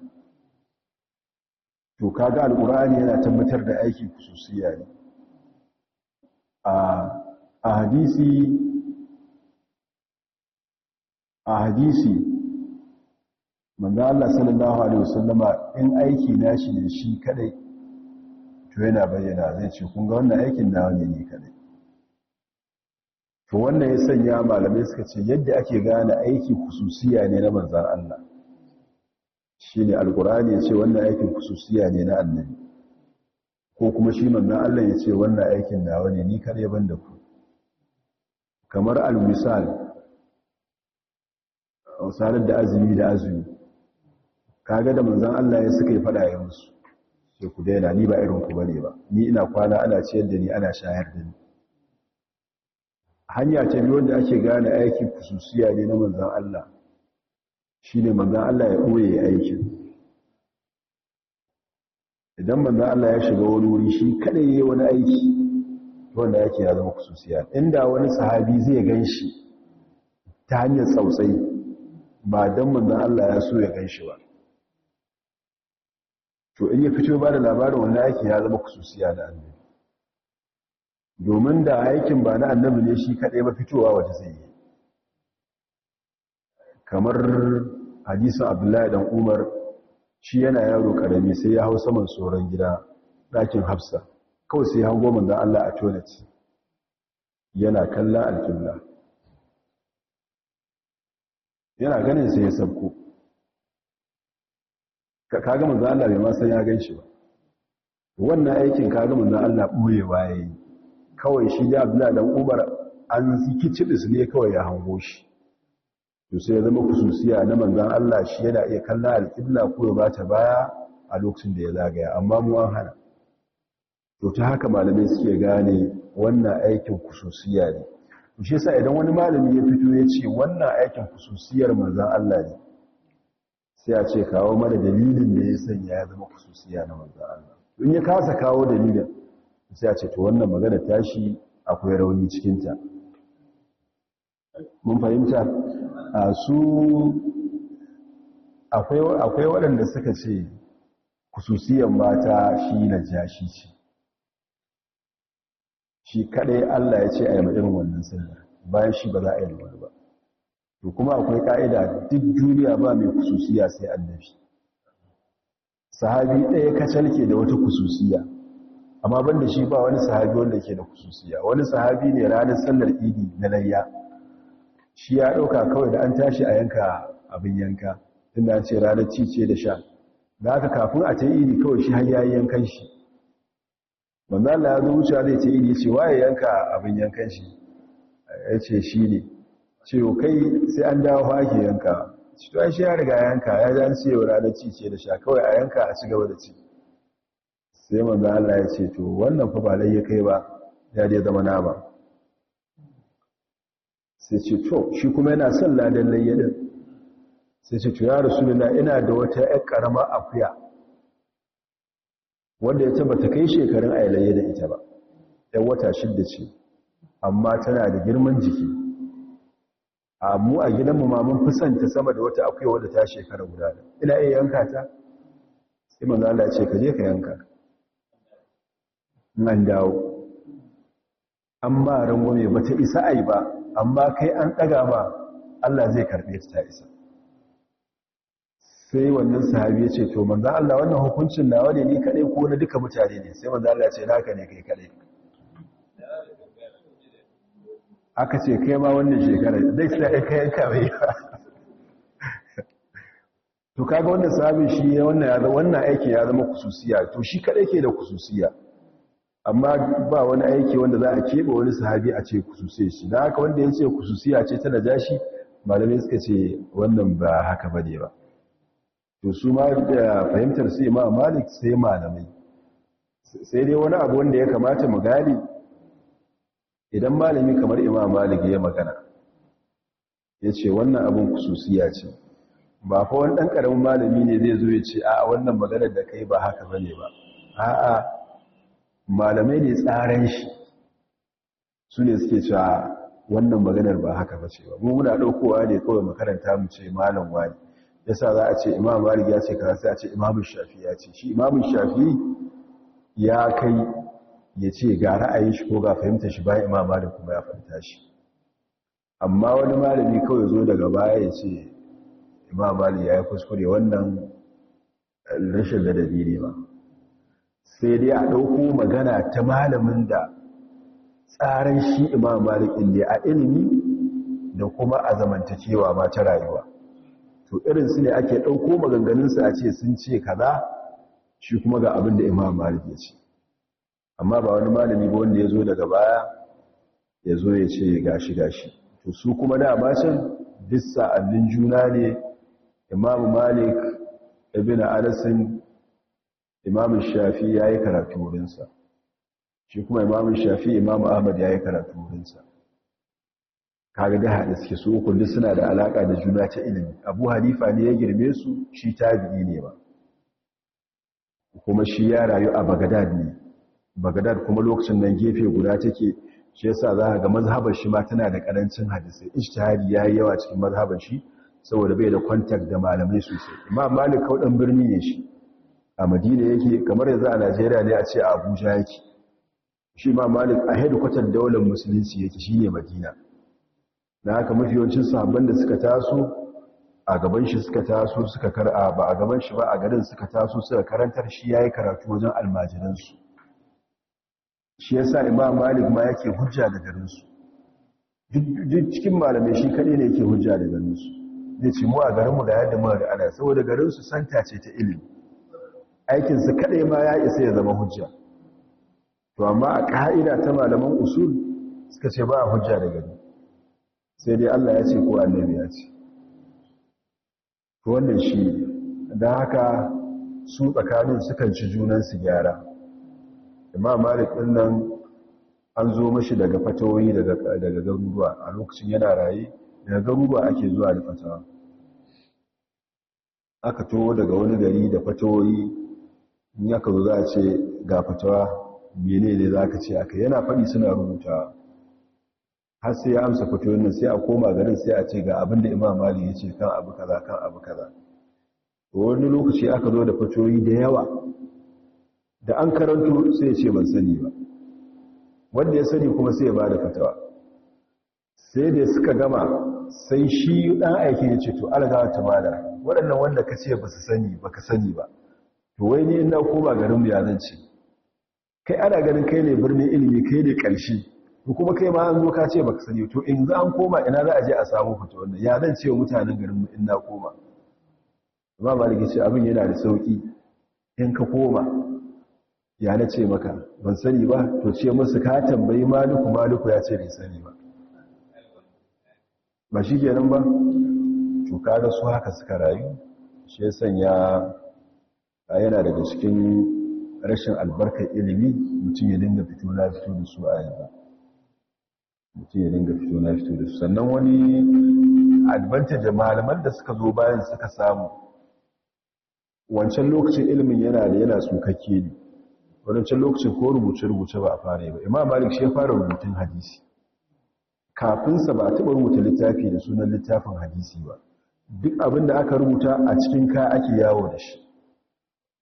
to kaga alqur'ani yana tabbatar da aiki khususiya ne a hadisi a hadisi manzo Allah sallallahu alaihi wasallama in aiki nashi ne shi kadai to yana bayyana zai ce kun ga wannan aikin da wani ne kadai to wannan ya sanya malamai suka ce yadda ake gane aiki khususiya ne na manzo Allah shi ne alkur'ani ya ce wannan aikin kususiya ne na annabi ko kuma shi manna allah ya ce wannan aikin nawa ne ni kare ban da ku kamar al-misal sanar da azumi da azumi kaga da manzan allah ya suka yi fada ya musu ya ku daina ni ba irin ku bane ba ni ina kwana ana ciyar da ni ana shayar da ni hanya ce biyu wanda ake gane aikin kususiya ne na manzan allah shi ne manzan Allah ya ɓoye aikin idan manzan Allah ya shiga wani wuri shi kada ya yi wani aiki wanda yake ya zama kususiya inda wani sahabi zai gan shi ta hanyar tsausai ba don manzan Allah ya so ya gan shi ba to in ya fito ba da labarin wanda aiki ya zama kususiya da annabi domin da aikin ba na annabi ne shi kaɗai ba fitowa wata zai yi kamar hadisin abdullahi dan umar shi yana yaro karami sai ya hau saman tsoron gida ɗakin hafsa kawai sai hango manzan allah a toilet yana kalla alƙibla yana ganin sai ya sabko kaga manzan allah bai ma san ya gan shi ba wannan aikin kaga manzan allah ɓoye ya yi kawai shi da abdullahi dan umar an su ne kawai ya hango shi to sai ya zama kususiya na manzan Allah shi yana iya kalla alƙibla ko ya bata baya a lokacin da ya zagaya amma mu an hana to ta haka malamai suke gane wannan aikin kususiya ne shi yasa idan wani malami ya fito ya ce wannan aikin kususiyar manzan Allah ne sai a ce kawo mana dalilin da ya sanya ya zama kususiya na manzan Allah in ya kasa kawo dalilin sai a ce to wannan magana tashi akwai rauni cikinta mun fahimta a su akwai waɗanda suka ce kususiyan mata shi na jashi ce shi kaɗai Allah ya ce a yi irin wannan sallar bayan shi ba za a yi wani ba to kuma akwai ka'ida duk duniya ba mai kususiya sai annabi sahabi ɗaya kacal ke da wata kususiya amma banda shi ba wani sahabi wanda ke da kususiya wani sahabi ne ranar sallar idi na layya shi ya ɗauka kawai da an tashi a yanka abin yanka inda an ce ranar ci ce da sha da aka kafin a yi ne kawai shi har yayi yankan shi wanda Allah ya zo wuce zai ce iri ce waye yanka abin yankan shi ya ce shi ne ce kai sai an dawo fa ake yanka shi to shi ya riga yanka ya zan ce yau ranar ci ce da sha kawai a yanka a ci gaba da ci sai manzo Allah ya ce to wannan fa ba lai ya kai ba ya dai zama ba. sai ce to shi kuma yana son ladan layyadin sai ce to ya rasulina ina da wata ƴar ƙarama akuya wanda ya taba ta kai shekarun ailaye da ita ba ɗan wata shidda ce amma tana da girman jiki a mu a gidanmu ma mun fusanta sama da wata akuya wadda ta shekara guda da ina iya yanka ta sai manzo Allah ce ka je ka yanka nan dawo an ba rangwame ba ta isa ai ba amma kai an ɗaga ma Allah zai karɓe ta isa sai wannan sahabi ya ce to manza Allah wannan hukuncin na ne ni kaɗai, ko na duka mutane ne sai manza Allah ya ce naka ne kai kaɗai. aka ce kai ma wannan shekara Zai sa kai kayan kawai. [laughs] to kaga wannan sahabi shi wannan wannan aiki ya zama kususiya to shi kaɗai ke da kususiya amma ba wani aiki wanda za a keɓe wani sahabi a ce kususe shi da haka wanda ya ce kususiya ce ta najashi malamai suka ce wannan ba haka ba ne ba to su ma da fahimtar sai ma malik sai malamai sai dai wani abu wanda ya kamata mu gane idan malami kamar imam malik ya magana ya ce wannan abin kususiya ce ba fa wani ɗan ƙaramin malami ne zai zo ya ce a wannan maganar da kai ba haka ba ne ba a'a malamai ne tsaran shi su ne suke cewa wannan maganar ba haka ba ce ba mu muna ɗaukowa ne kawai makaranta mu ce malam wani ya sa za a ce imam malik ya ce kaza sai a ce imam shafi ya ce shi imam shafi ya kai ya ce ga ra'ayin shi ko ga fahimta shi bayan imam malik kuma ya fahimta shi amma wani malami kawai zo daga baya ya ce imam malik ya yi kuskure wannan rashin ladabi ne ba sai dai a ɗauko magana ta malamin da tsarin shi imam Malik inda a ilimi da kuma a zamantakewa ma ta rayuwa to irin su ne ake ɗauko maganganunsu a ce sun ce kaza shi kuma ga abin da imam malik ya ce amma ba wani malami ba wanda ya zo daga baya ya zo ya ce gashi gashi to su kuma da bashin duk sa'adin juna ne imam malik ibn alasin imamun shafi ya yi karatu wurinsa shi kuma imamun shafi imam ahmad ya yi karatu wurinsa kaga da haɗe suke su uku suna da alaƙa da juna ta ilimi abu hanifa ne ya girme su shi ta tabi'i ne ba kuma shi ya rayu a bagadad ne bagadad kuma lokacin nan gefe guda take shi yasa za ga mazhabar shi ma tana da ƙarancin hadisi ijtihadi ya yi yawa cikin mazhabar shi saboda bai da kwantak da malamai sosai imam malik kauɗan birni ne shi a madina yake kamar yanzu a najeriya ne a ce a abuja yake shi ma malik a hedikwatar daular musulunci yake shi ne madina na haka mafi yawancin sahabban da suka taso a gaban shi suka taso suka kar'a ba a gaban shi ba a garin suka taso suka karantar shi ya yi karatu wajen almajiransu shi ya yasa imam malik ma yake hujja da garinsu duk cikin malamai shi kadai ne yake hujja da garinsu Ya ce mu a garinmu da yadda muka ga ana saboda garinsu santa ce ta ilimi su kaɗai ma ya isa ya zama hujja to amma a ka'ida ta malaman usul suka ce ba hujja da gari, sai dai allah ya ce ko annabi ya ce To wannan shi don haka su tsakanin sukan ci junan su gyara imam malik din nan an zo mashi daga fatawoyi daga garuruwa a lokacin yana raye daga garuruwa ake zuwa da fatawa aka to daga wani gari da fatawoyi in yaka zo za a ce ga fatawa mene ne za ka ce aka yana faɗi suna rubuta har sai ya amsa fatawa nan sai a koma garin sai a ce ga abin da imam mali ya ce kan abu kaza kan abu kaza wani lokaci aka zo da fatoyi da yawa da an karanto sai ya ce ban sani ba wanda ya sani kuma sai ya bada da fatawa sai da suka gama sai shi ɗan aiki ya ce to algawa ta bada waɗannan wanda ka ce ba su sani ba ka sani ba to wai ni ina koma garin ya zan ce kai ana ganin kai ne birnin ilimi kai ne ƙarshe ko kuma kai ma an zo ka ce baka sani to in za an koma ina za a je a samu fito wannan ya zan ce wa mutanen garin mu ina koma ba ba ce abin yana da sauki in ka koma ya na ce maka ban sani ba to ce musu ka tambayi maliku maliku ya ce bai sani ba ba shi kenan ba to da su haka suka rayu shi ya sanya A yana daga cikin rashin albarkar ilimi mutum ya dinga fito na fito da su a yanzu mutum ya dinga fito na fito da su sannan wani advantage malaman da suka zo bayan suka samu wancan lokacin ilimin yana da yana tsukakke ne wancan lokacin ko rubuce-rubuce ba a fara yi ba imam malik shi ya fara rubutun hadisi kafinsa ba a taɓa rubuta littafi da sunan littafin hadisi ba duk abin da aka rubuta a cikin ka ake yawo da shi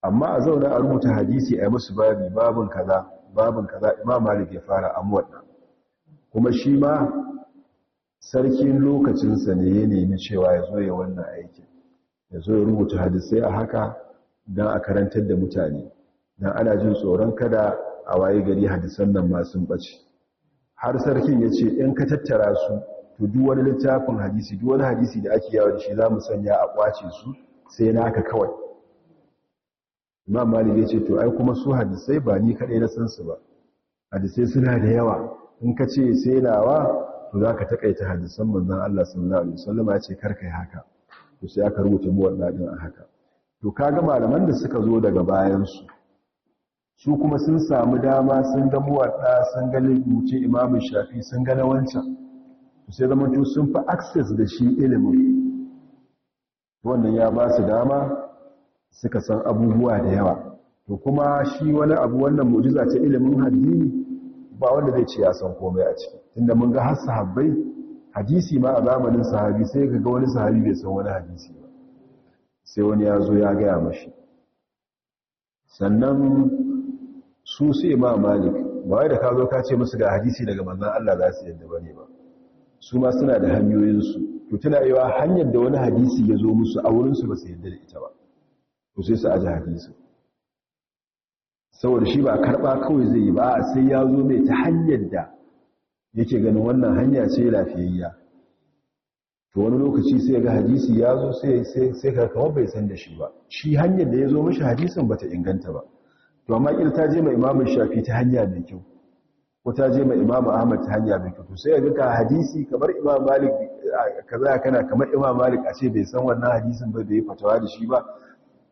amma a zauna a rubuta hadisi a yi musu babi babin kaza babin kaza imam malik ya fara amwadda kuma shi ma sarkin lokacinsa ne ya nemi cewa ya zo ya wannan aikin ya zo ya rubuta hadisai a haka don a karantar da mutane don ana jin tsoron kada a waye gari hadisan nan ma sun ɓace har sarkin ya ce in ka tattara su to duk wani littafin hadisi duk wani hadisi da ake yawo da shi za mu sanya a kwace su sai naka kawai ma malik ya ce to ai kuma su hadisai ba ni kaɗai na san su ba hadisai suna da yawa in ka ce sai nawa to za ka taƙaita hadisan manzan Allah sallallahu alaihi wasallam ya ce kar yi haka to sai aka rubuta mu wannan a haka to kaga malaman da suka zo daga bayan su su kuma sun samu dama sun ga muwaɗa sun ga rubuce imamu shafi sun ga na wancan sai zamantu sun fi access da shi ilimin wannan ya ba su dama suka san abubuwa da yawa to kuma shi wani abu wannan mu'jiza ce ilimin hadisi ba wanda zai ce ya san komai a ciki tunda mun ga har sahabbai hadisi ma a zamanin sahabi sai ka ga wani sahabi bai san wani hadisi ba sai wani ya zo ya gaya mashi sannan su su imam malik ba wai da ka zo ka ce musu ga hadisi daga manzon Allah za su yadda bane ba su ma suna da hanyoyinsu to tana yiwa hanyar da wani hadisi ya zo musu a wurinsu ba su yadda da ita ba to sai su aji hadisi saboda shi ba karɓa kawai zai yi ba sai ya zo mai ta hanyar da yake ganin wannan hanya ce lafiyayya to wani lokaci sai ga hadisi ya zo sai karkama bai san da shi ba shi hanyar da ya zo mashi hadisin ba ta inganta ba to amma ƙil ta je mai imamun shafi ta hanya mai kyau ko ta je mai imamun ahmad ta hanya mai kyau to sai ga ka hadisi kamar imam malik kaza kana kamar imam malik a ce bai san wannan hadisin ba bai fatawa da shi ba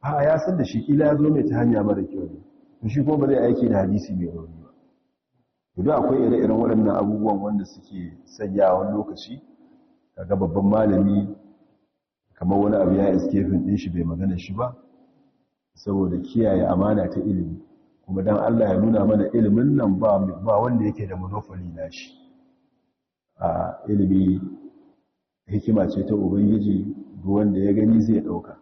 a ya san da shi kila ya zo mai ta hanya mara kyau ne to shi kuma ba zai aiki da hadisi mai rauni ba to akwai ire-iren waɗannan abubuwan wanda suke sanya wani lokaci kaga babban malami kamar wani abu ya iske fin din shi bai magana shi ba saboda kiyaye amana ta ilimi kuma dan Allah ya nuna mana ilimin nan ba ba wanda yake da monopoly na shi a ilimi hikima ce ta ubangiji duk wanda ya gani zai dauka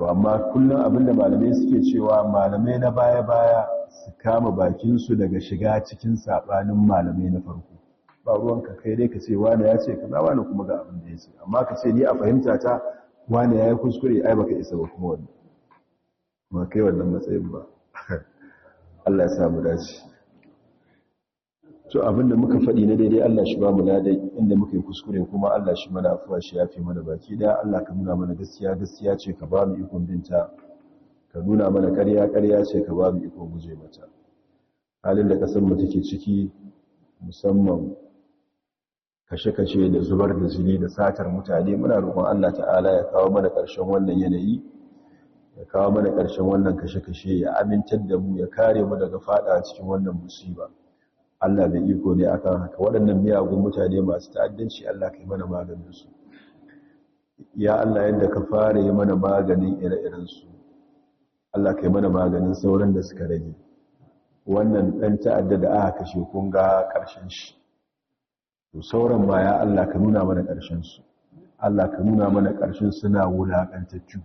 to amma kullum abinda malamai suke cewa malamai na baya-baya su kama bakinsu daga shiga cikin saɓanin malamai na farko ba ruwanka kai dai ka ce wane ya ce kaza wane kuma ga abin da ya ce amma ka ce ni a fahimta ta wane ya yi kuskure ai baka isa ba kuma wannan ba kai wannan matsayin ba [laughs] Allah ya samu dace to da muka faɗi na daidai Allah shi ba mu ladai inda muka yi kuskure kuma Allah shi mana afuwa shi fi mana baki da Allah ka nuna mana gaskiya gaskiya ce ka ba mu ikon binta ka nuna mana ƙarya ƙarya ce ka ba mu ikon guje mata halin da kasar mu take ciki musamman kashe-kashe da zubar da jini da satar mutane muna roƙon Allah ta'ala ya kawo mana ƙarshen wannan yanayi ya kawo mana ƙarshen wannan kashe-kashe ya amintar da mu ya kare mu daga fada cikin wannan musiba Allah da iko ne akan haka waɗannan miyagun mutane masu ta'addanci Allah kai mana maganin su ya Allah yadda ka fara yi mana maganin ire-iren su Allah kai mana maganin sauran da suka rage wannan ɗan ta'adda da aka kashe kun ga ƙarshen shi to sauran ma ya Allah ka nuna mana ƙarshen su Allah ka nuna mana ƙarshen suna wulaƙantattu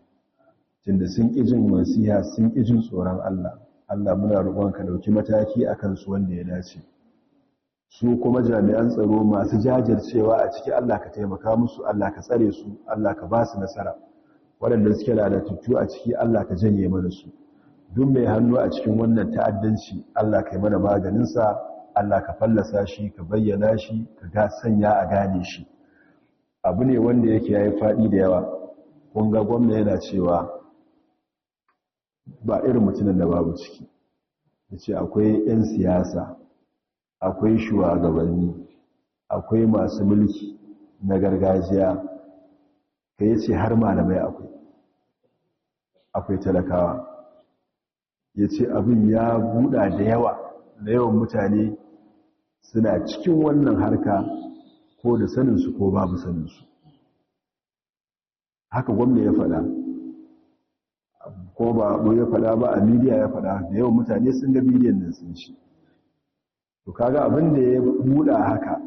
tunda sun ƙi jin wasiya sun ƙi jin tsoron Allah Allah muna roƙon ka ɗauki mataki akan su wanda ya dace su kuma jami'an tsaro masu jajircewa a ciki Allah ka taimaka musu Allah ka tsare su Allah ka ba su nasara waɗanda suke lalatattu a ciki Allah ka janye mana su duk mai hannu a cikin wannan ta'addanci Allah ka yi mana maganinsa Allah ka fallasa shi ka bayyana shi ka ga sanya a gane shi abu ne wanda yake yayi faɗi da yawa kun ga gwamna yana cewa ba irin mutumin da babu ciki yace akwai 'yan siyasa akwai shugabanni akwai masu mulki na gargajiya ka yace har malamai akwai akwai talakawa yace abin ya buda da yawa na yawan mutane suna cikin wannan harka ko da saninsu ko babu saninsu haka gwamna ya faɗa ko ba ya faɗa ba a midiya ya faɗa da yawan mutane sun ga bidiyon nan sun ci to kaga abin da ya buɗa haka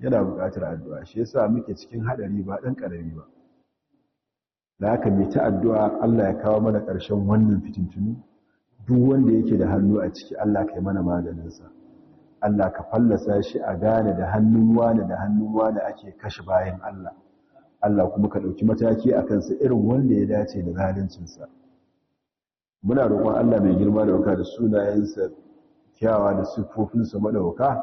yana buƙatar addu'a shi yasa muke cikin haɗari ba dan karami ba da haka mai ta addu'a Allah ya kawo mana ƙarshen wannan fitintunu duk wanda yake da hannu a ciki Allah kai yi mana maganinsa Allah ka fallasa shi a gane da hannun wani da hannun wani ake kashe bayan Allah Allah kuma ka ɗauki mataki a kansa irin wanda ya dace da zaluncinsa muna roƙon Allah mai girma da wuka da sunayensa kyawa da siffofinsa maɗauka,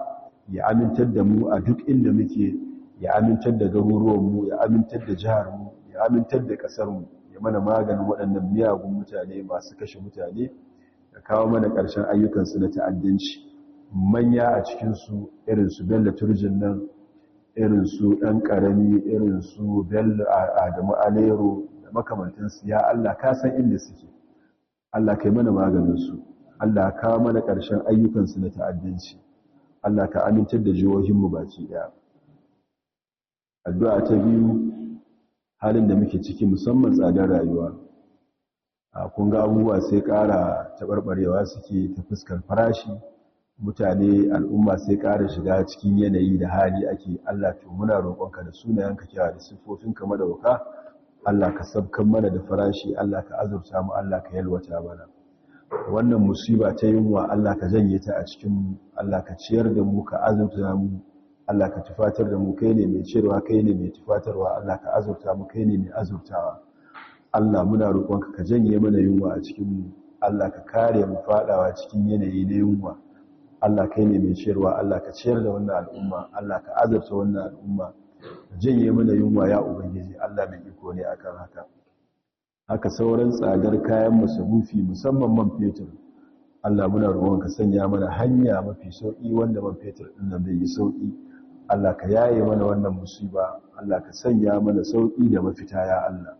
ya amintar da mu a duk inda muke ya amintar da garuruwanmu ya amintar da jiharmu ya amintar da ƙasarmu ya mana maganin waɗannan miyagun mutane masu kashe mutane da kawo mana ƙarshen ayyukansu na ta'addanci manya a cikinsu irinsu bello turjin nan irinsu ɗan ƙarami irinsu bello adamu alero da makamantansu ya allah ka san inda suke allah kai mana maganinsu Allah ka mana ƙarshen ayyukansu na ta'addanci Allah ka amintar da jihohinmu baki ɗaya addu'a ta biyu halin da muke ciki musamman tsadar rayuwa a kun ga abubuwa sai ƙara taɓarɓarewa suke ta fuskar farashi mutane al'umma sai ƙara shiga cikin yanayi da hali ake Allah to muna roƙonka da sunayenka kyawa da siffofinka madauka, Allah ka sabkan mana da farashi Allah ka azurta mu Allah ka yalwata mana wannan musiba ta yunwa Allah ka janye ta a cikin Allah ka ciyar da mu ka azurta mu Allah ka tufatar da mu kai ne mai ciyarwa kai ne mai tufatarwa Allah ka azurta mu kai ne mai azurtawa Allah muna roƙonka ka janye mana yunwa a cikin mu Allah ka kare mu fadawa cikin yanayi na yunwa Allah kai ne mai ciyarwa Allah ka ciyar da wannan al'umma Allah ka azurta wannan al'umma janye mana yunwa ya ubangiji Allah mai iko ne akan haka haka sauran tsadar kayan masarufi musamman man fetur Allah muna ruwan ka sanya mana hanya mafi sauƙi wanda man fetur ɗin nan bai yi sauƙi, Allah ka yaye mana wannan musiba Allah ka sanya mana sauƙi da mafita ya Allah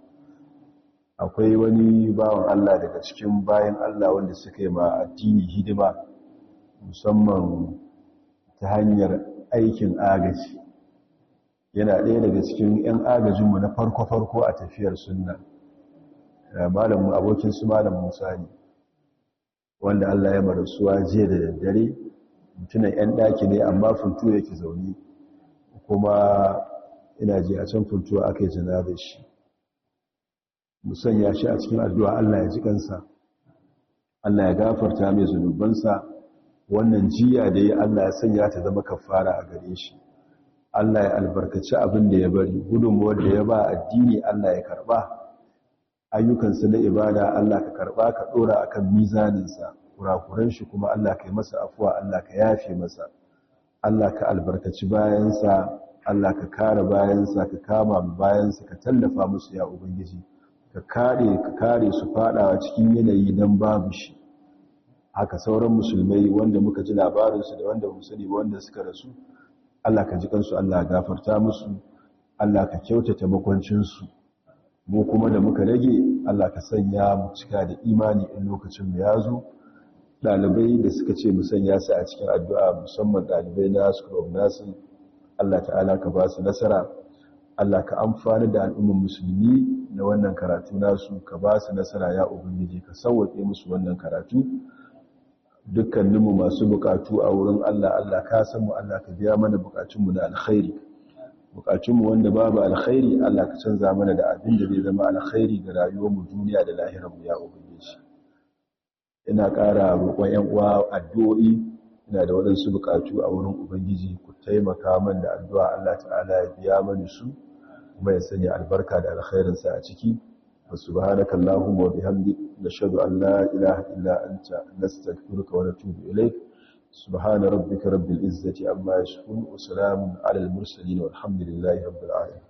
akwai wani bawan Allah daga cikin bayan Allah wanda suka yi ma addini hidima musamman ta hanyar aikin agaji yana ɗaya daga cikin 'yan agajinmu na farko-farko a tafiyar sunna Eh, malamin abokin su malam musa ne wanda allah ya bar suwa jiya da daddare mutunan 'yan ɗaki ne amma funtu yake zaune kuma ina ji a can funtuwa aka yi janazar shi musanya shi a cikin addu'a allah ya ji kansa allah ya gafarta mai zunubansa wannan jiya da ya allah ya sanya ta zama kafara a gare shi allah ya albarkaci abin da ya bari gudunmuwar da ya ba addini allah ya karba Ayyukansa na ibada Allah ka karba ka dora akan mizaninsa kurakuran shi kuma Allah ka yi masa afuwa Allah ka yafe masa Allah ka albarkaci bayansa Allah ka kare bayansa ka kama bayansa ka tallafa musu ya ubangiji ka kare ka kare su faɗawa cikin yanayi dan babu shi haka sauran musulmai wanda muka ji labarinsu da wanda sani wanda suka rasu Allah ka ji kansu Allah gafarta musu Allah ka kyautata makwancin su mu kuma da muka rage Allah ka sanya mu cika da imani in lokacin mu ya zo dalibai da suka ce mu sanya su a cikin addu'a musamman dalibai na School of Nursing Allah ta'ala ka ba su nasara Allah ka amfana da al'ummar musulmi na wannan karatu nasu ka ba su nasara ya ubangiji ka sauwaƙe musu wannan karatu dukkaninmu masu bukatu a wurin Allah Allah ka san mu Allah ka biya mana bukatunmu na alkhairi bukatunmu wanda babu alkhairi Allah ka canza mana da abin da zai zama alkhairi ga rayuwarmu duniya da lahirarmu ya ubangiji ina ƙara roƙon ƴan uwa addu'o'i ina da waɗansu bukatu a wurin ubangiji ku taimaka min da addu'a Allah ta'ala ya biya mani su kuma ya sanya albarka da alkhairin sa a ciki wa subhanaka allahumma wa bihamdika nashhadu an la ilaha illa anta nastaghfiruka wa natubu ilayk subhana rabbika rabbil izzati amma yasifun wa salamun alal mursalin walhamdulillahi rabbil alamin